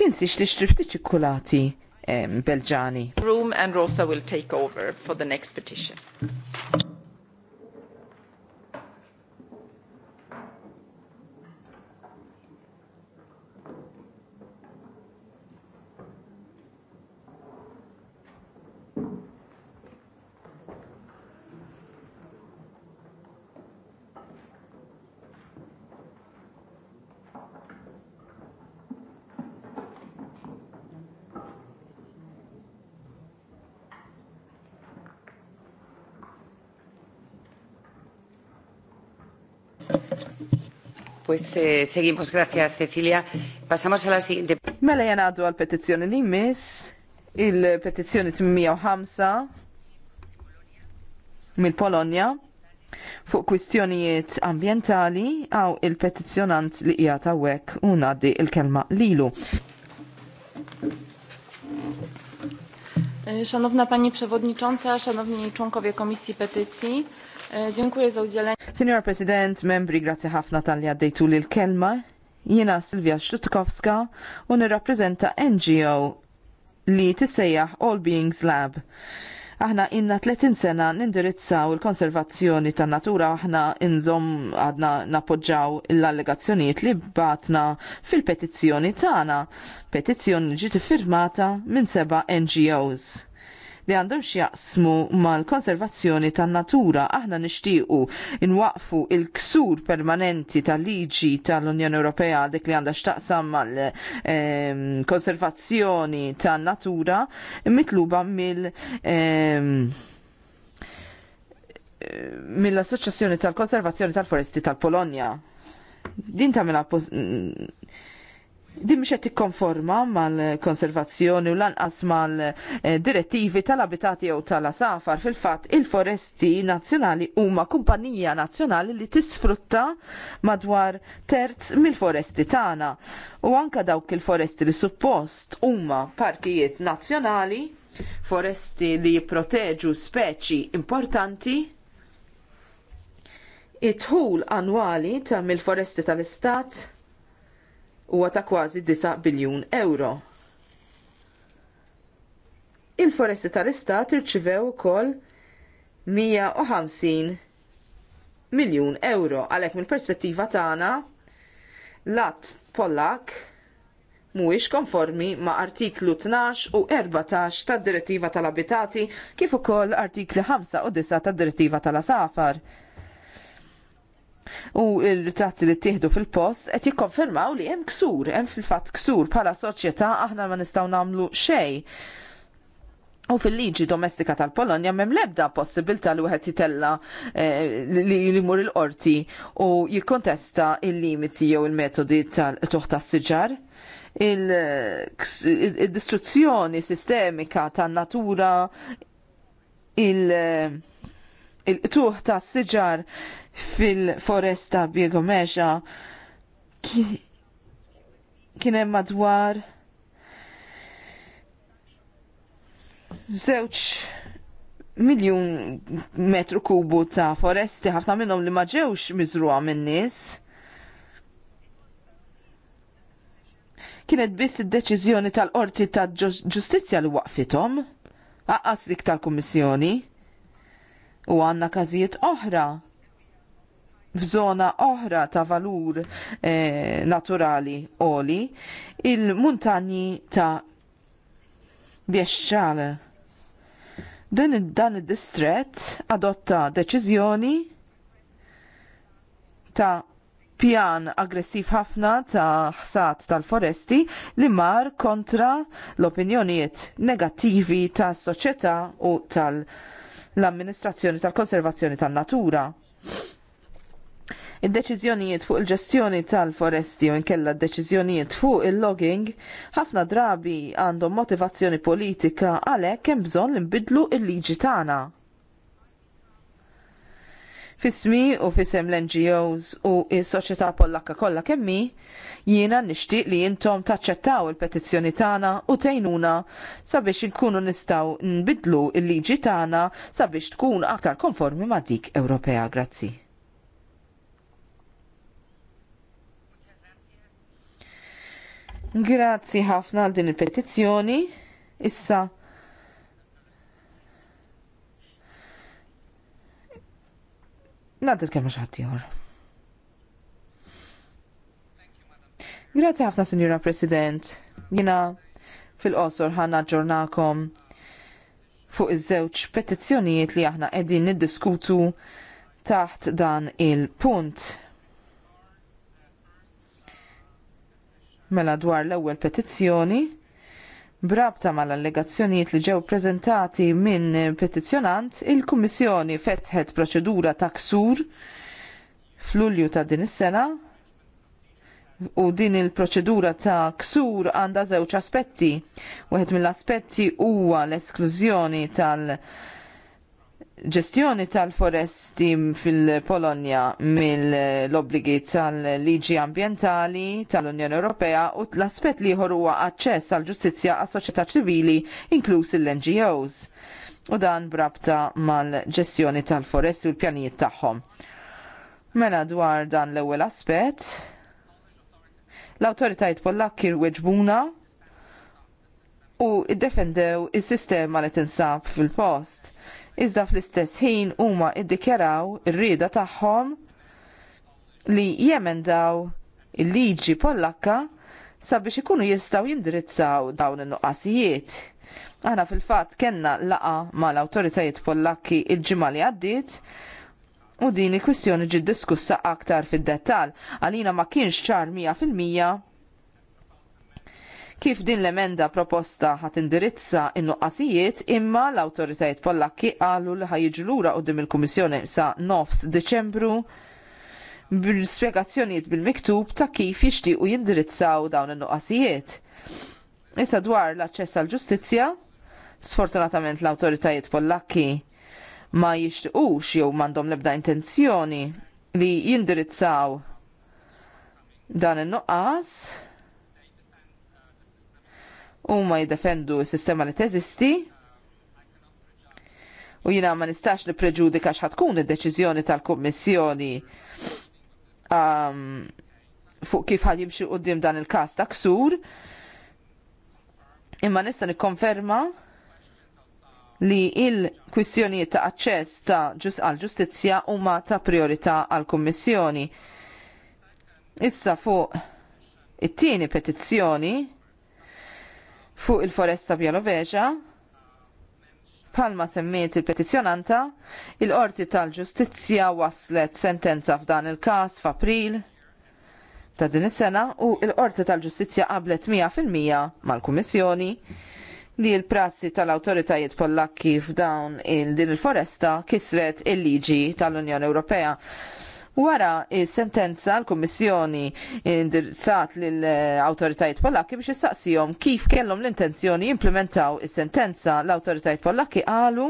Tinsix tixtrif ċikkulati eh, Belġani. Room and Rosa will take over for the next petition. Pues eh, seguimos, gracias Cecilia. Pasamos a la siguiente. Mela janadu għal petizjoni li mis, il-petizzjoni 805 mil-Polonia fuq kwistjonijiet ambientali għaw il petizjonant li jgħata wek unaddi il-kelma lilu. Szanowna Pani Przewodnicząca, Szanowni Członkowie Komisji Petycji, Eh, dziękuję za udzielenie. Senior President, membri, grazie ħafna tal-li għaddejtu li l-kelma. Jena Silvia Sztutkowska u nirrapprezenta NGO li tissejjaħ All Beings Lab. Aħna inna 30 sena nindirizzaw il-konservazzjoni tan natura aħna inżom għadna napoġġaw l-allegazzjonijiet li batna fil-petizzjoni tagħna. Petizzjoni ġiet firmata minn seba' NGOs li għandhom xjaqsmu mal-konservazzjoni tan-natura. Aħna nixtiequ inwaqfu il-ksur permanenti tal-liġi tal-Unjoni Ewropea dik li għandha xtaqsam mal-konservazzjoni ehm, tan-natura mitluba mill- ehm, mill-Assoċjazzjoni tal-Konservazzjoni tal-Foresti tal-Polonja din tagħmilha din mhux qed tikkonforma mal-konservazzjoni u lanqas mal-direttivi tal-abitati jew tal-asafar. Fil-fatt il-foresti nazzjonali huma kumpanija nazzjonali li tisfrutta madwar terz mill-foresti tagħna. U anka dawk il-foresti li suppost huma parkijiet nazzjonali, foresti li jipproteġu speċi importanti, it-ħul annwali ta' mill-foresti tal-istat huwa ta' kważi 9 biljun euro. Il-foresti tal-istat irċivew ukoll 150 miljun euro. Għalhekk mill-perspettiva tagħna l-att Pollak mhuwiex konformi ma' artiklu 12 u 14 tad-Direttiva tal-Abitati kif ukoll artikli 5 u 9 tad-Direttiva tal-Asafar u il-ritratti li ttieħdu fil-post qed jikkonfermaw li hemm ksur, hemm fil-fatt ksur bħala soċjetà aħna ma nistgħu nagħmlu xejn. U fil-liġi domestika tal-Polonja mem lebda possibilta li wieħed jitella eh, li jmur il-qorti u jikkontesta il-limiti jew il-metodi tal-tuħ tas-siġar il-distruzzjoni sistemika tan-natura il-tuħ tas-siġar il fil-foresta biego kienem madwar zewċ miljon metru kubu ta' foresti ħafna minnhom li ma ġewx miżruha min-nies. Kienet biss id-deċiżjoni tal-qorti ta' ġustizja li waqfithom, aqqas dik tal-Kummissjoni. U għandna każijiet oħra f'żona oħra ta' valur eh, naturali oli, il-muntanji ta' Biexxale. Din dan id-distret adotta deċiżjoni ta' pjan aggressiv ħafna ta' ħsat tal-foresti li mar kontra l-opinjonijiet negattivi tas soċjetà u tal-amministrazzjoni tal-konservazzjoni tan-natura id-deċiżjonijiet fuq il-ġestjoni tal-foresti u nkella d-deċiżjonijiet fuq il-logging ħafna drabi għandhom motivazzjoni politika għalhekk kemm bżonn l-imbidlu l-liġi tagħna. Fismi u fisem l-NGOs u s-soċjetà Pollakka kollha kemmi, jiena nixtieq li intom taċċettaw il-petizzjoni tagħna u tgħinuna sabiex inkunu nistgħu nbidlu l-liġi tagħna sabiex tkun aktar konformi ma' dik Ewropea. Grazzi. Grazzi ħafna għal din il-petizzjoni. Issa Nadir kemm kelma ħaddieħor. Grazzi ħafna, Signora President. Jina fil-qosor ħanna ġornakom fuq iż-żewġ petizzjonijiet li aħna qegħdin niddiskutu taħt dan il-punt. Mela dwar l-ewwel petizzjoni Brabta mal allegazzjonijiet li ġew preżentati minn petizzjonant, il-Kummissjoni fetħet proċedura ta' ksur fl-Ulju ta' din is-sena u din il-proċedura ta' ksur għandha żewġ aspetti. Wieħed mill-aspetti huwa l-esklużjoni tal- ġestjoni tal-foresti fil-Polonja mill-obbligi tal-liġi ambjentali tal-Unjoni Ewropea u l-aspett li huwa aċċess għall ġustizzja għas soċjetà ċivili inklus l-NGOs u dan brabta mal-ġestjoni tal-foresti u l-pjanijiet tagħhom. Mela dwar dan l-ewwel aspett, l-awtoritajiet Pollakki rweġbuna u ddefendew is-sistema li tinsab fil-post iżda fl-istess ħin huma ddikjaraw ir-rieda tagħhom li jemendaw il-liġi Pollakka sabiex ikunu jistgħu jindirizzaw dawn in-nuqqasijiet. Aħna fil-fatt kellna laqgħa mal-awtoritajiet Pollakki il-ġimgħa li għaddiet u din il-kwistjoni ġiet diskussa aktar fid-dettall għalina ma kienx ċar mija fil-mija kif din l-emenda proposta ħat indirizza in-nuqqasijiet imma l-autoritajiet Pollakki qalu li ħajġu lura qudiem il-Kummissjoni sa nofs Deċembru bil-spjegazzjonijiet bil-miktub ta' kif jixtiequ jindirizzaw dawn in-nuqqasijiet. Issa dwar l-aċċess għall ġustizzja sfortunatament l-awtoritajiet Pollakki ma jixtiqux jew m'għandhom l-ebda intenzjoni li jindirizzaw dan in-nuqqas huma jiddefendu s-sistema li teżisti u jina ma nistax li preġudika xħatkun id-deċizjoni tal-Kommissjoni um, fuq kif ħad jimxi qoddim dan il-kas ta' ksur. Imma nista nikkonferma li il-kwistjonijiet ta' aċċess ta' għal-ġustizzja huma ta' priorità għal-Kummissjoni. Issa fuq it-tieni petizzjoni fuq il-foresta bjaloveġa, palma semmiet il-petizjonanta, il-qorti tal-ġustizzja waslet sentenza f'dan il-kas f'April ta' din is-sena u l-qorti tal-ġustizzja qablet 100% mal-Kummissjoni li l-prassi tal-autoritajiet pollakki f'dawn il-din il-foresta kisret il-liġi tal-Unjoni Ewropea. Wara is-sentenza l-Kummissjoni indirizzat lill-awtoritajiet Pollakki biex issaqsihom kif kellhom l-intenzjoni jimplementaw is-sentenza l-awtoritajiet Pollakki qalu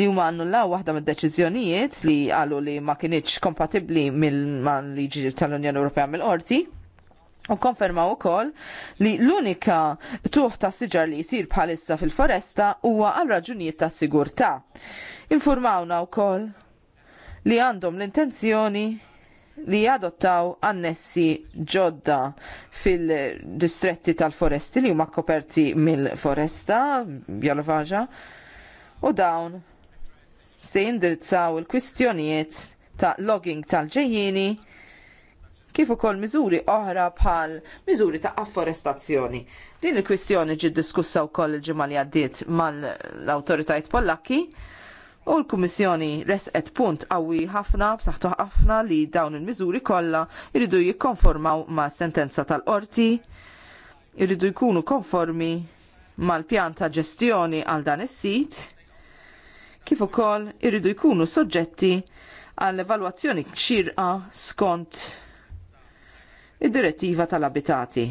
li huma annullaw waħda mid-deċiżjonijiet li qalu li ma kinitx kompatibbli mill-liġi tal-Unjoni Ewropea mill-qorti. U konfermaw ukoll li l-unika tuħ ta' siġar li jisir bħalissa fil-foresta huwa għal raġunijiet ta' sigurtà. Infurmawna wkoll li għandhom l-intenzjoni li jadottaw annessi ġodda fil-distretti tal-foresti li huma koperti mill-foresta bjalovaġa u dawn se jindirizzaw il-kwistjonijiet ta' logging tal-ġejjini kif ukoll miżuri oħra bħal miżuri ta' afforestazzjoni. Din il-kwistjoni ġi diskussa wkoll il-ġimgħa li għaddiet mal-awtoritajiet Pollakki U l-Kummissjoni resqet punt qawwi ħafna b'saħħtu ħafna li dawn il-miżuri kollha jridu jikkonformaw ma' sentenza tal-qorti, jridu jkunu konformi mal-pjan ta' ġestjoni għal dan is-sit, kif ukoll jridu jkunu soġġetti għall evalwazzjoni kxirqa skont id-direttiva tal-abitati.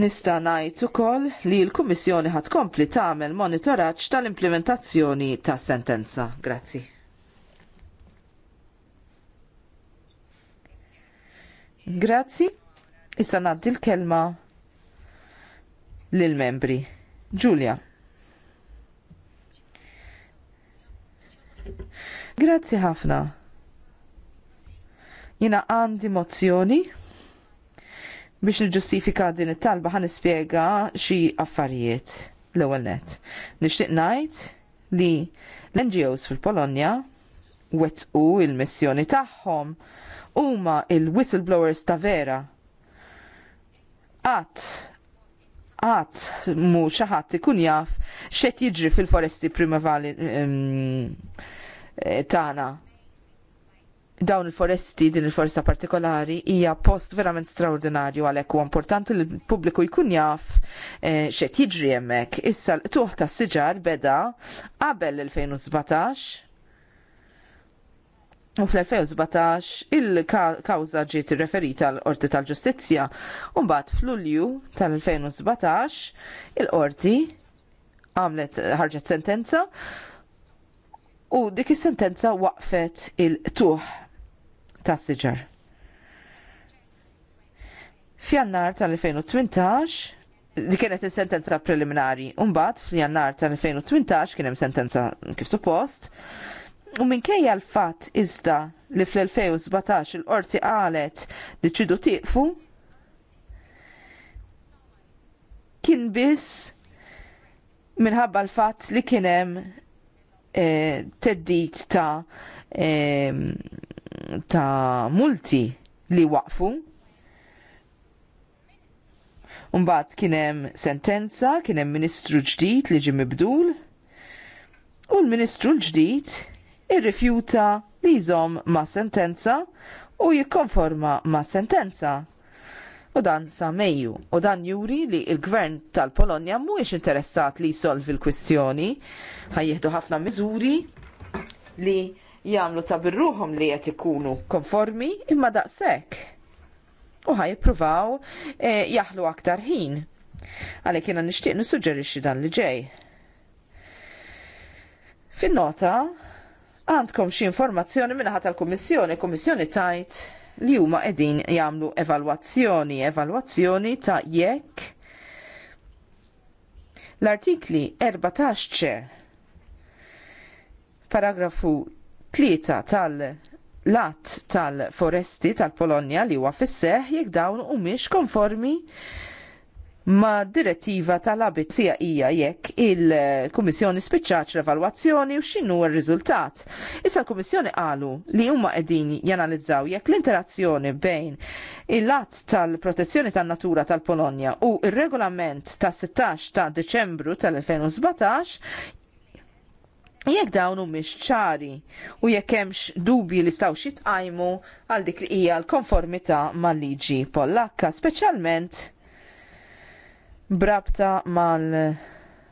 Nista' ngħid ukoll li l-Kummissjoni ħad kompli tagħmel monitoraġġ tal-implementazzjoni tas-sentenza. Grazzi. Grazzi. Issa ngħaddi l-kelma lill membri Giulia. Grazzi ħafna. Jina għandi mozzjoni Biex niġġustifika din it-talba ħan nispjega xi affarijiet l-ewwel net. Nixtieq ngħid li l-NGOs fil-Polonja wettqu il-missjoni tagħhom huma il-whistleblowers ta' vera. Qatt għat mu xaħat ikun jaf xet jiġri fil-foresti primavali um, ehm, eh, tana dawn il-foresti, din il-foresta partikolari, hija post verament straordinarju għalhekk u importanti li l-pubbliku jkun jaf e, jiġri hemmhekk. Issa l-tuħ tas siġar beda qabel l-2017 u fl-2017 il-kawza ġiet irreferita l qorti tal-Ġustizzja u mbagħad fl-Ulju tal-2017 il-Qorti għamlet ħarġet sentenza U dik is-sentenza waqfet il-tuħ tas-siġar. F'jannar tal-2018 Di kienet sentenza preliminari. mbagħad f'jannar tal-2018 kien hemm sentenza kif suppost. U minkejja l-fatt iżda li fl-2017 il-qorti qalet li ċidu tieqfu kien biss minħabba l-fatt li kien hemm eh, teddit ta' eh, ta' multi li waqfu. Umbat kienem sentenza, kienem ministru ġdid li ġim mibdul, u l-ministru ġdijt ġdid irrifjuta li jżom ma' sentenza u jikkonforma ma' sentenza. U dan sa Mejju, u dan juri li l gvern tal-Polonja mhuwiex interessat li jsolvi l-kwistjoni, ħajjeħdu ħafna miżuri li Jamlu ta' birruhom li qed ikunu konformi imma daqshekk. U ħaj jippruvaw e, eh, jaħlu aktar ħin. Għalhekk jena nixtieq nissuġġerixxi dan li ġej. Fin-nota għandkom xi informazzjoni minnaħa tal-Kummissjoni, Kummissjoni tajt li huma qegħdin jagħmlu evalwazzjoni, evalwazzjoni ta' jekk l-artikli 14 paragrafu tlieta tal- lat tal-foresti tal-Polonja li huwa fis-seħ jekk dawn humiex konformi ma direttiva tal-abit sija hija jekk il-Kummissjoni spiċċaċ l-evalwazzjoni u x'inhu r-riżultat. Issa l-Kummissjoni qalu li huma qegħdin janalizzaw jekk l-interazzjoni bejn il lat tal-protezzjoni tan-natura tal-Polonja u il regolament ta' 16 ta' Deċembru tal-2017 Jekk dawn mhumiex ċari u jekk hemmx dubji li staw jitqajmu għal dik li hija l-konformità mal-liġi Pollakka, speċjalment brabta mal-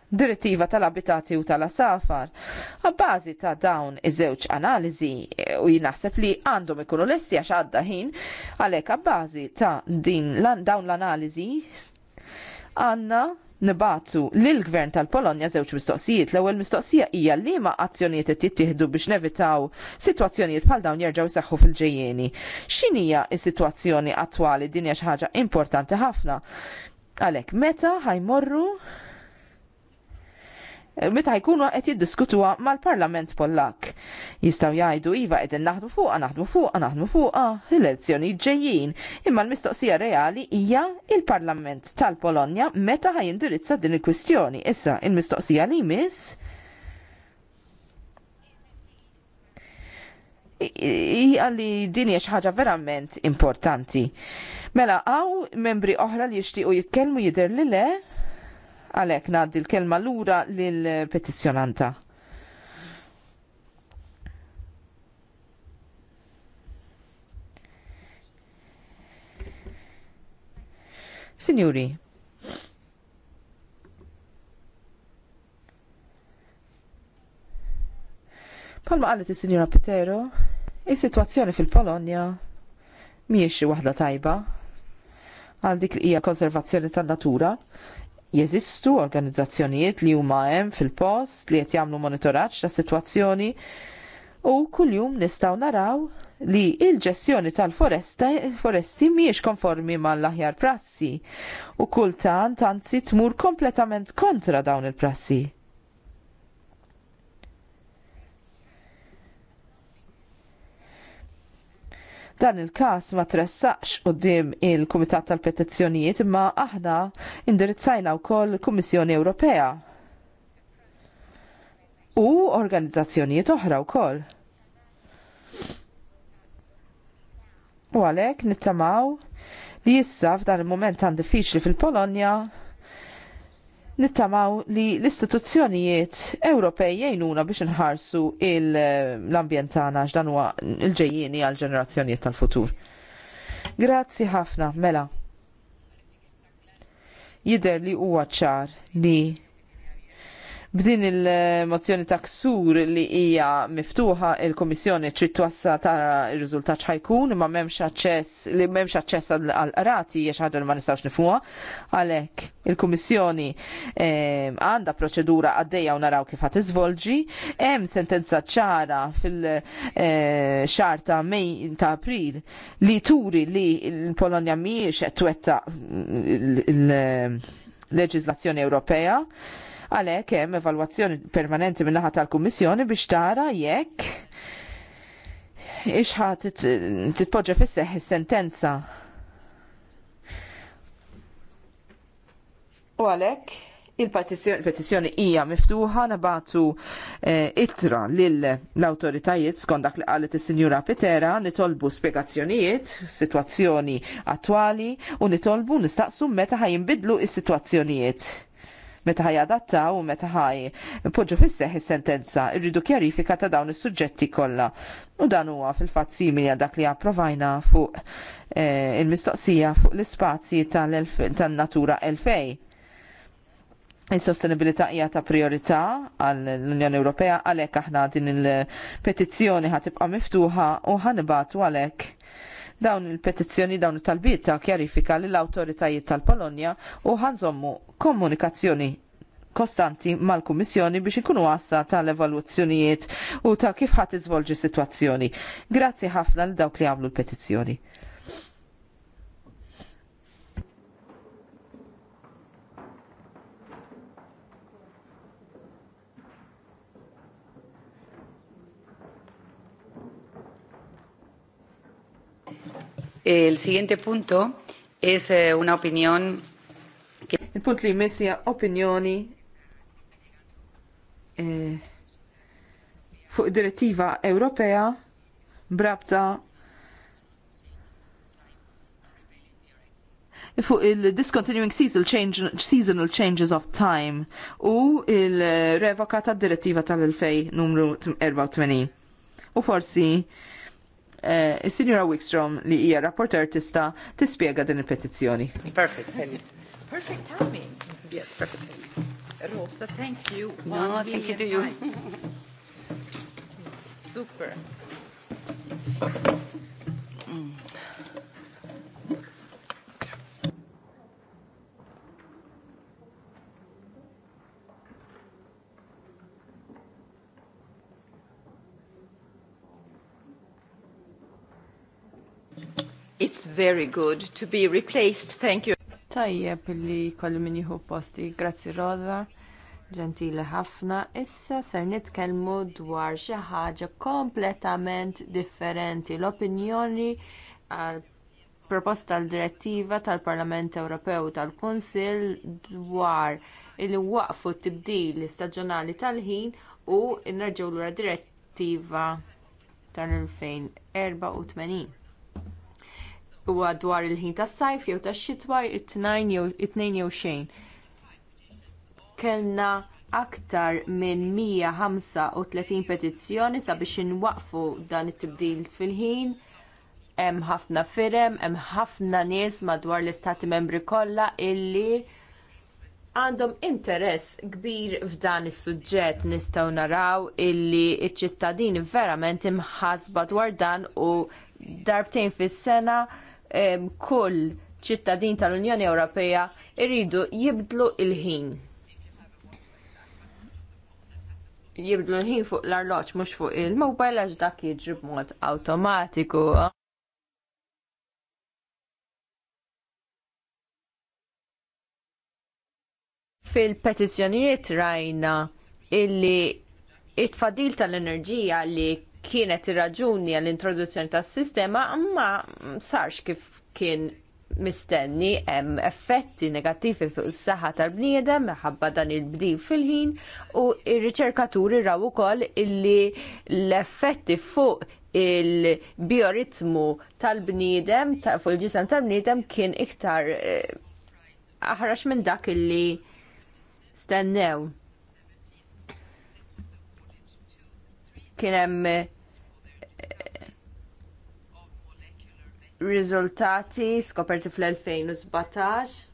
direttiva tal-abitati u tal-asafar. Għabbażi ta' dawn iż-żewġ analiżi u jinaħseb li għandhom ikunu lesti għax għadda ħin, għalhekk għabbażi ta' din dawn l-analiżi għandna nibatu lill-Gvern tal-Polonja żewġ mistoqsijiet. L-ewwel mistoqsija hija li ma azzjonijiet qed jittieħdu biex nevitaw sitwazzjonijiet bħal dawn jerġgħu jsaħħu fil-ġejjeni. X'inhija s-sitwazzjoni attwali din hija xi ħaġa importanti ħafna. Għalhekk meta ħajmorru meta jkunu qed jiddiskutuha mal-Parlament Pollak. Jistgħu jgħidu iva qegħdin naħdmu fuqha, naħdmu fuqha, naħdmu fuqha, l-elezzjoni ġejjin. Imma l-mistoqsija reali hija il-Parlament tal-Polonja meta ħajindirizza din il-kwistjoni. Issa il-mistoqsija li miss hija li din hija xi ħaġa verament importanti. Mela hawn membri oħra li jixtiequ jitkellmu jidher li le Għalek naddi l-kelma l-ura l-petizjonanta. Signori, Palma għallet il signora Pitero, il-situazzjoni fil-Polonja miex waħda tajba għal dik li hija konservazzjoni tan-natura, jeżistu organizzazzjonijiet li huma hemm fil-post li qed jagħmlu monitoraġġ ta' sitwazzjoni u kuljum nistgħu naraw li il-ġestjoni tal-foresti mhijiex konformi mal-aħjar prassi u kultant anzi tmur kompletament kontra dawn il-prassi. Dan il-każ ma tressaqx qudiem il-Kumitat tal-Petizzjonijiet imma aħna indirizzajna wkoll Kummissjoni Ewropea u organizzazzjonijiet oħra wkoll. U għalhekk nittamaw li issa f'dan il-moment tan diffiċli fil-Polonja nittamaw li l-istituzzjonijiet Ewropej jajnuna biex nħarsu eh, l-ambjent tagħna x'dan huwa l-ġejjieni għal ġenerazzjonijiet tal-futur. Grazzi ħafna, mela. Jider li huwa ċar li B'din il-mozzjoni ta' ksur li hija miftuħa il-Komissjoni trid twassa tara r-riżultat ħajkun imma m'hemmx aċċess li m'hemmx aċċess għal qrati jiex ħaġa li ma nistgħux nifhuha. Għalhekk il-Kummissjoni għandha proċedura għaddejja u naraw kif ħadd iżvolġi. Hemm sentenza ċara fil-xar ta' Mej ta' April li turi li l-Polonja mhijiex qed twettaq il-leġiżlazzjoni Ewropea Għalhekk hemm evalwazzjoni permanenti min-naħa tal-Kummissjoni biex tara jekk ixħa titpoġġa fis is-sentenza. U għalhekk il-petizzjoni hija miftuħa nabatu eh, ittra lill-awtoritajiet skont dak li qalet is-Sinjura Pitera nitolbu spjegazzjonijiet, situazzjoni attwali u nitolbu nistaqsu meta ħajinbidlu is-sitwazzjonijiet meta ħaj adatta u meta ħaj poġġu fisseħ is-sentenza irridu kjarifika ta' dawn is-suġġetti kollha. U dan huwa fil-fatt simili għal dak li approvajna fuq eh, il-mistoqsija fuq l-ispazji tan-natura tal elfej. Is-sostenibilità hija ta' priorità għall-Unjoni Ewropea għalhekk aħna din il-petizzjoni ħatibqa' miftuħa u ħanibatu għalhekk Dawn il-petizzjoni dawn it-talbiet ta' kjarifika lill awtoritajiet tal-Polonja u ħanżommu komunikazzjoni kostanti mal-Kummissjoni biex ikunu għassa tal-evaluazzjonijiet u ta' kif ħadd iżvolġi s-sitwazzjoni. Grazzi ħafna l dawk li għamlu l-petizzjoni. El siguiente punto es eh, una opinión que... Il-punt li jmissija opinjoni eh, fuq direttiva Ewropea brabta fuq il-discontinuing seasonal, change, seasonal changes of time u il-revoka tad direttiva tal-2000 numru 84. U forsi Eh, Is-Sinjura Wickstrom li hija rapporter tista' tispjega din il-petizzjoni. Perfect. Perfect timing. Yes, perfect timing. Rosa, thank you. No, thank you to you. *laughs* Super. Mm. It's very good to be replaced. Thank you. Tajjeb li kollu min jieħu posti. Grazzi Rosa, ġentili ħafna. Issa ser nitkellmu dwar xi ħaġa kompletament differenti. L-opinjoni għal proposta tal direttiva tal-Parlament Ewropew tal-Kunsill dwar il-waqfu t-tibdil istaġjonali tal-ħin u nerġgħu lura direttiva tal-2084 huwa dwar il-ħin tas-sajf jew tax-xitwa it-tnejn jew it-tnejn jew xejn. Kellna aktar minn 135 petizzjoni sabiex inwaqfu dan it-tibdil fil-ħin. Hemm ħafna firem, hemm ħafna nies madwar l-istati membri kollha illi għandhom interess kbir f'dan is-suġġett nistgħu naraw illi ċ ċittadini verament imħasba dwar dan u darbtejn fis-sena kull ċittadin tal-Unjoni Ewropea irridu jibdlu il-ħin. Jibdlu l-ħin fuq l-arloċ, mux fuq il-mobile għax dak jiġri b'mod automatiku. fil petizjoniet rajna illi it-fadil tal-enerġija li kienet irraġuni għall-introduzzjoni tas-sistema ma sarx kif kien mistenni hemm effetti negattivi fuq is-saħħa tal-bniedem minħabba dan il-bdil fil-ħin u r-riċerkaturi raw ukoll illi l-effetti fuq il-bioritmu tal-bniedem ta fuq il-ġisem tal-bniedem kien iktar eh, aħrax minn dak illi stennew. kienem eh, riżultati skoperti fl-2017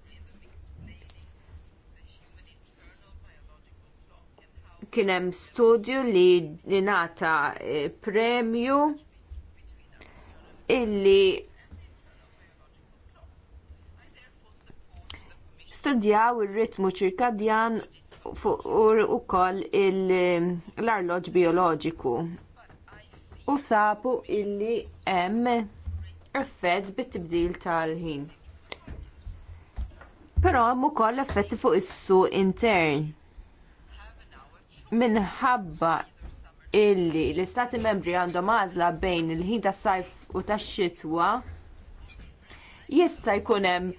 Kien hemm studju li nata eh, premju illi studjaw ir-ritmu ċirkadjan u koll ehm, l-arloġ bioloġiku. U sabu illi hemm effett bit-tibdil tal-ħin. Però hemm ukoll effetti fuq is su intern. Minħabba illi l-istati membri għandhom għażla bejn il-ħin tas-sajf u tax-xitwa jista' jkun hemm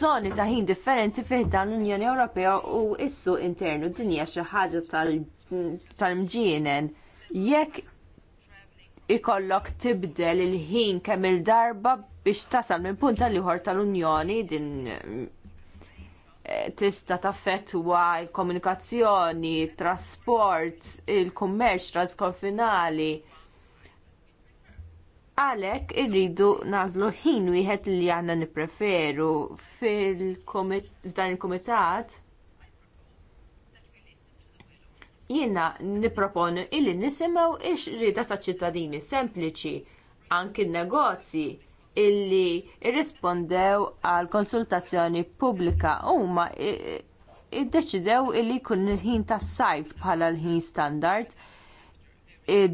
żoni e, ta' ħin differenti fih dan l-Unjoni Ewropea u issu internu dinja xi ħaġa tal-mġienen. Jekk ikollok tibdel il-ħin kemm il-darba biex tasal minn punta liħor tal-Unjoni din e, tista taffettwa l komunikazzjoni, trasport, il-kummerċ transkonfinali Għalhekk irridu nażlu ħin wieħed li għandna nippreferu fil-dan il-kumitat jiena nipproponi illi nisimgħu ix-rieda taċ-ċittadini sempliċi anki negozji illi irrispondew għal konsultazzjoni pubblika huma iddeċidew illi jkun il-ħin tas-sajf bħala l-ħin standard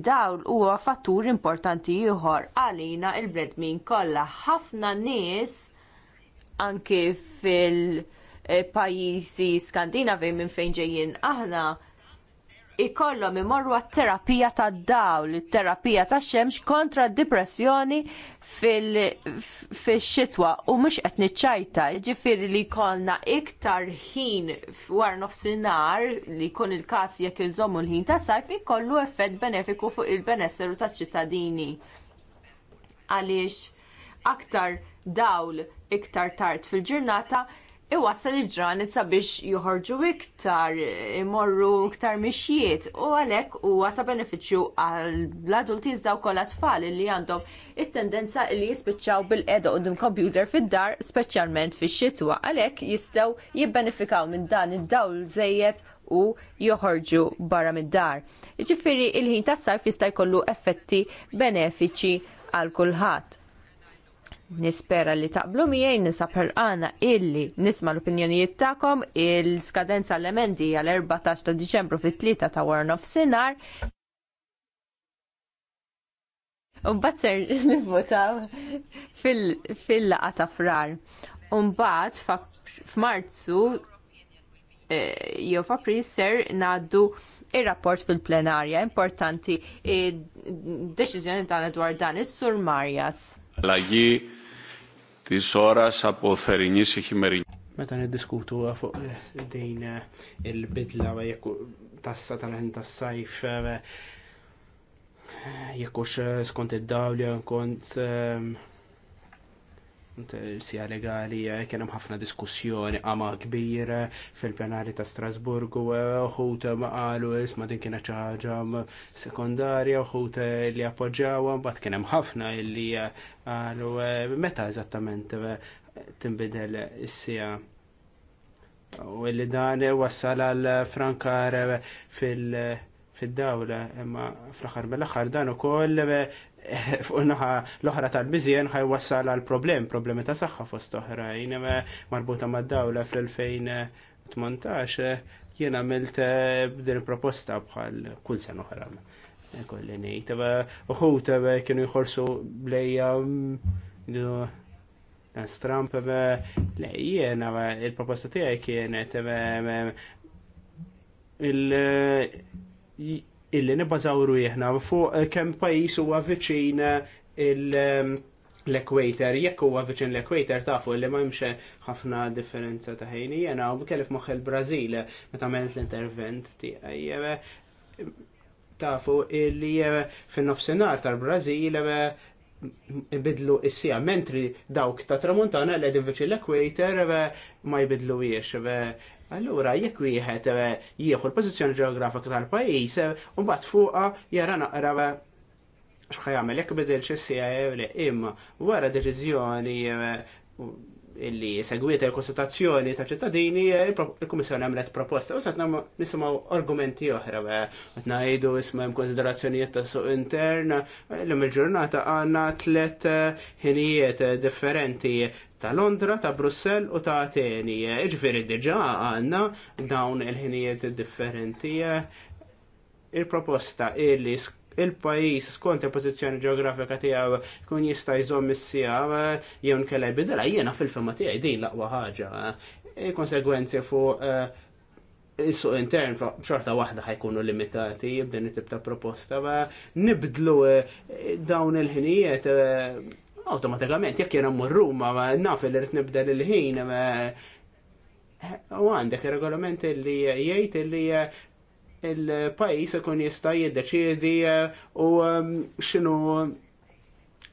dawl huwa fattur importanti ieħor għalina l bledmin kollha. Ħafna nies anke fil-pajjiżi Skandinavi minn fejn ġejjin aħna ikollhom imorru għat-terapija tad-dawl, terapija tax-xemx kontra d-dipressjoni fix-xitwa u mhux qed niċċajta. jiġifieri li jkollna iktar ħin war nofsinhar li jkun il-każ jekk iżommu l-ħin ta' sajf ikollu effett benefiku fuq il-benesseru taċ-ċittadini. Għaliex aktar dawl iktar tard fil-ġurnata iwassal il-ġranet sabiex joħorġu iktar, imorru iktar mixjiet u għalhekk huwa ta' benefiċċju għall-adulti iżda wkoll tfal li għandhom it-tendenza li jispiċċaw bil-qeda qudiem computer fid-dar speċjalment fix-xitwa għalhekk jistgħu jibbenefikaw minn dan id-dawl żejjed u joħorġu barra mid-dar. Ġifieri il-ħin tas-sajf jista' jkollu effetti benefiċi għal kulħadd. Nispera li taqblu miegħi nisab ħerqana illi nisma l-opinjonijiet tagħkom il-skadenza l-emendi għal-14 ta' Diċembru fit-3 ta' warn of sinar. Umbat ser *laughs* nivvotaw fil-laqa ta' frar. Umbat f'Marzu eh, jew f'April ser ngħaddu ir-rapport fil-plenarja importanti id-deċiżjoni eh, tagħna dwar dan is-Sur Marjas της ώρας από θερινή σε χειμερινή. Meta niddiskutu fuq din il-bidla tassa tal-ħin tas-sajf jekkux skont id-dawli kont sija legali eh, kienem ħafna diskussjoni għama kbir eh, fil penali ta' Strasburgu eh, uħut maqalu isma din kienet ċaħġa sekundarja uħut li appoġġawa bat kienem ħafna li għalu meta eżattament timbidel is-sija u li dan wassal għal frankar fil- fil-dawla imma fl-axar mill-axar dan ukoll *laughs* fuq naħa l-oħra tal-bizien ħaj wassal għal problem, problemi ta' saħħa fost oħra. Jina marbuta ma' dawla fl-2018 jina għamilt eh, din proposta bħal kull sen oħra. Kolli nejt, uħut kienu jħorsu blejja mm, Nas Trump, le, jena, il-proposta tiegħi kienet, il- eh, illi nibbażaw ruħna fuq eh, kemm pajjiż huwa viċin eh, l ekwater eh, jekk huwa viċin l ekwater tafu li ma jimxie ħafna differenza ta' ħajni. jena u kellif moħħ il-Brażil meta għamilt l-intervent tiegħi tafu illi fin-nofsinhar tal-Brażil bidlu issija, mentri dawk ta' tramontana l edin viċi l ekwater ma jibidlu jiex, Allura, jekk wieħed eh, jieħu l-pożizzjoni ġeografika tal-pajjiż, eh, mbagħad fuqha jara naqra eh, x'ħajamel jekk bidilx is-CIA imma wara deċiżjoni illi segwiet il-konsultazzjoni ta' ċittadini, eh, il-Kummissjoni għamlet proposta. U satna nisimaw argumenti oħra, eh, għet najdu ismem konsiderazzjonijiet ta' suq intern, eh, l-lum il-ġurnata għanna tlet ħinijiet differenti ta' Londra, ta' Brussel u ta' Ateni. Iġveri diġa għanna dawn il-ħinijiet differenti. Il-proposta illi il-pajis skont il-pozizjoni ġeografika tiegħu kun jista' jżomm is-sija jew nkella jbidela jiena fil-fema tiegħi din l-aqwa ħaġa. Il-konsegwenzi e, fuq e, is-suq intern xorta waħda ħajkunu limitati jibden it ta' proposta nibdlu e, dawn il-ħinijiet automatikament jekk jena mmur ma naf li rid nibdel il-ħin U għandek regolamenti li jgħid li il-pajis ikun jista' jiddeċiedi eh, u ehm, x'inhu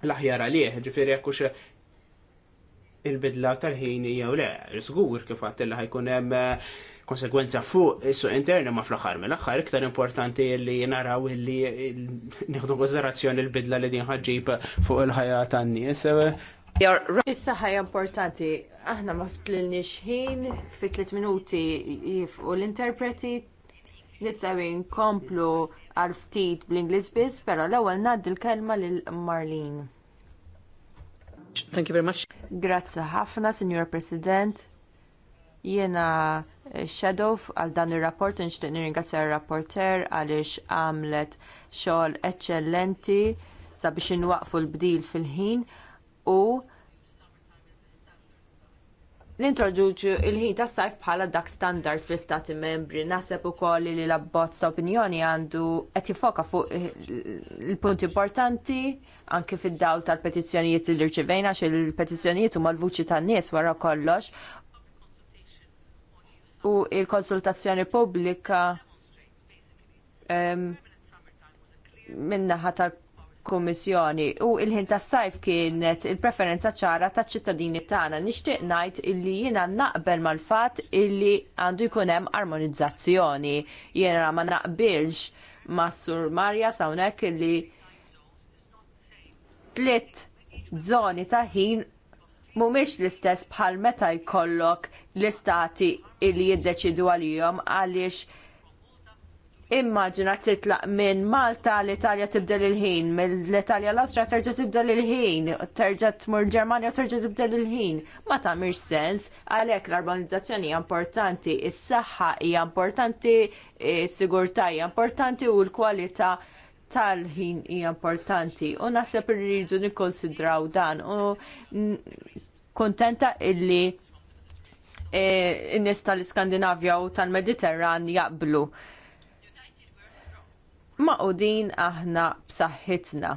l-aħjar għalih, ġifieri jekk il-bidla tal-ħin jew le, żgur kif għad li ħajkun hemm eh, konsekwenza fuq is-suq interna ma fl-aħħar mill-aħħar iktar importanti li naraw illi nieħdu konsiderazzjoni l-bidla li din ħaġġib fuq il-ħajja tan-nies. Issa ħaj importanti, aħna ma ftlilniex ħin, fit tliet minuti jifqu l-interpreti Nista' nkomplu għal ftit bl inglis biss, però l-ewwel ngħaddi l-kelma lil Marlin. Thank you very much. Grazzi ħafna, Signor President. Jiena eh, shadow għal dan ir-rapport nixtieq nirringrazzja r-rapporter għaliex għamlet xogħol eċċellenti sabiex inwaqfu l-bdil fil-ħin u nintroduċu il ħin tas sajf bħala dak standard fl-istati membri. Naħseb ukoll li l-abbozz ta' opinjoni għandu qed jifoka fuq il-punti importanti anke fid-dawl tal-petizzjonijiet li rċivejna għax il-petizzjonijiet huma l-vuċi tan-nies wara kollox. U il-konsultazzjoni pubblika minnaħa tal kummissjoni u il-ħin tas-sajf kienet il-preferenza ċara taċ ċittadini tagħna. Nixtieq ngħid illi jiena naqbel mal-fatt illi għandu jkun hemm armonizzazzjoni. Jiena ma naqbilx ma' Sur Marja hawnhekk illi tliet żoni ta' ħin mhumiex l-istess bħal meta jkollok l-istati illi jiddeċidu għalihom għaliex immaġina titlaq minn Malta l-Italja tibdel il-ħin, mill-Italja l-Austria terġa' tibdel il-ħin, terġa' tmur Ġermanja terġa' tibdel il-ħin. Ma mir sens għalhekk l-arbanizzazzjoni hija importanti, is-saħħa hija importanti, is-sigurtà hija importanti u l-kwalità tal-ħin hija importanti. U naħseb irridu nikkonsidraw dan u kontenta illi eh, n-nies tal-Iskandinavja u tal-Mediterran jaqblu maqudin aħna b'saħħitna.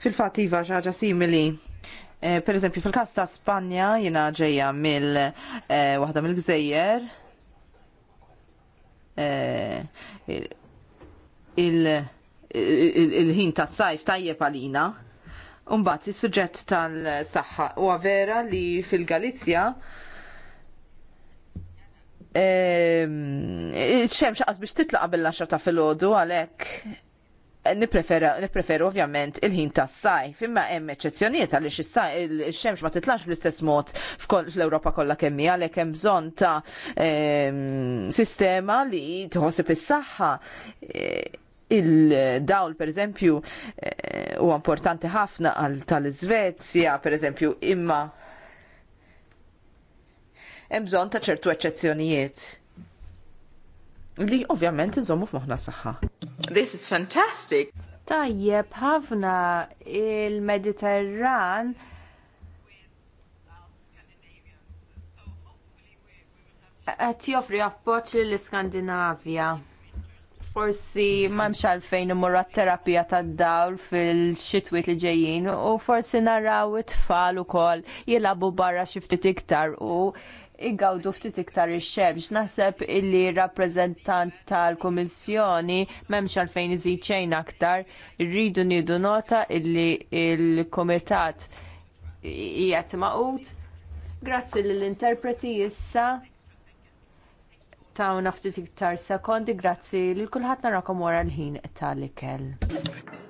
Fil-fatt iva ħaġa simili. E, per eżempju, fil-kas ta' Spanja jina ġeja mill e, waħda mill-gżejjer e, eh, il-ħin il, il ta' sajf tajjeb għalina. Umbat, il-sujġett tal-saħħa u vera li fil-Galizja ċemx ehm, għas biex titlaqa bil-10 ta' filgħodu għalhekk nippreferu ovvjament il-ħin tas sajf imma hemm eċċezzjonijiet għaliex il xemx ma titlax bl-istess mod fl-Ewropa kollha kemm hija għalhekk hemm bżonn ta' ehm, sistema li tħossib is-saħħa e, il-dawl per eżempju e, u importanti ħafna għal tal-Svezja per eżempju imma hemm bżonn ta' ċertu eċċezzjonijiet. Li ovvjament nżommu f'moħħna saħħa. This is fantastic. Tajjeb ħafna il-Mediterran qed joffri appoġġ lill-Iskandinavja forsi m'hemmx għalfejn imur terapija tad-dawl fil-xitwiet li ġejjin u forsi naraw it-tfal ukoll jilagħbu barra xi ftit iktar u igawdu ftit iktar ix-xemx. Naħseb illi rappreżentant tal-Kummissjoni m'hemmx għalfejn iżid xejn aktar. Irridu nidu nota illi l-Kumitat qiegħed maqut. Grazzi lill-interpreti issa tawna ftit iktar sekondi, grazzi lil kulħadd narakom wara l-ħin tal-ikel.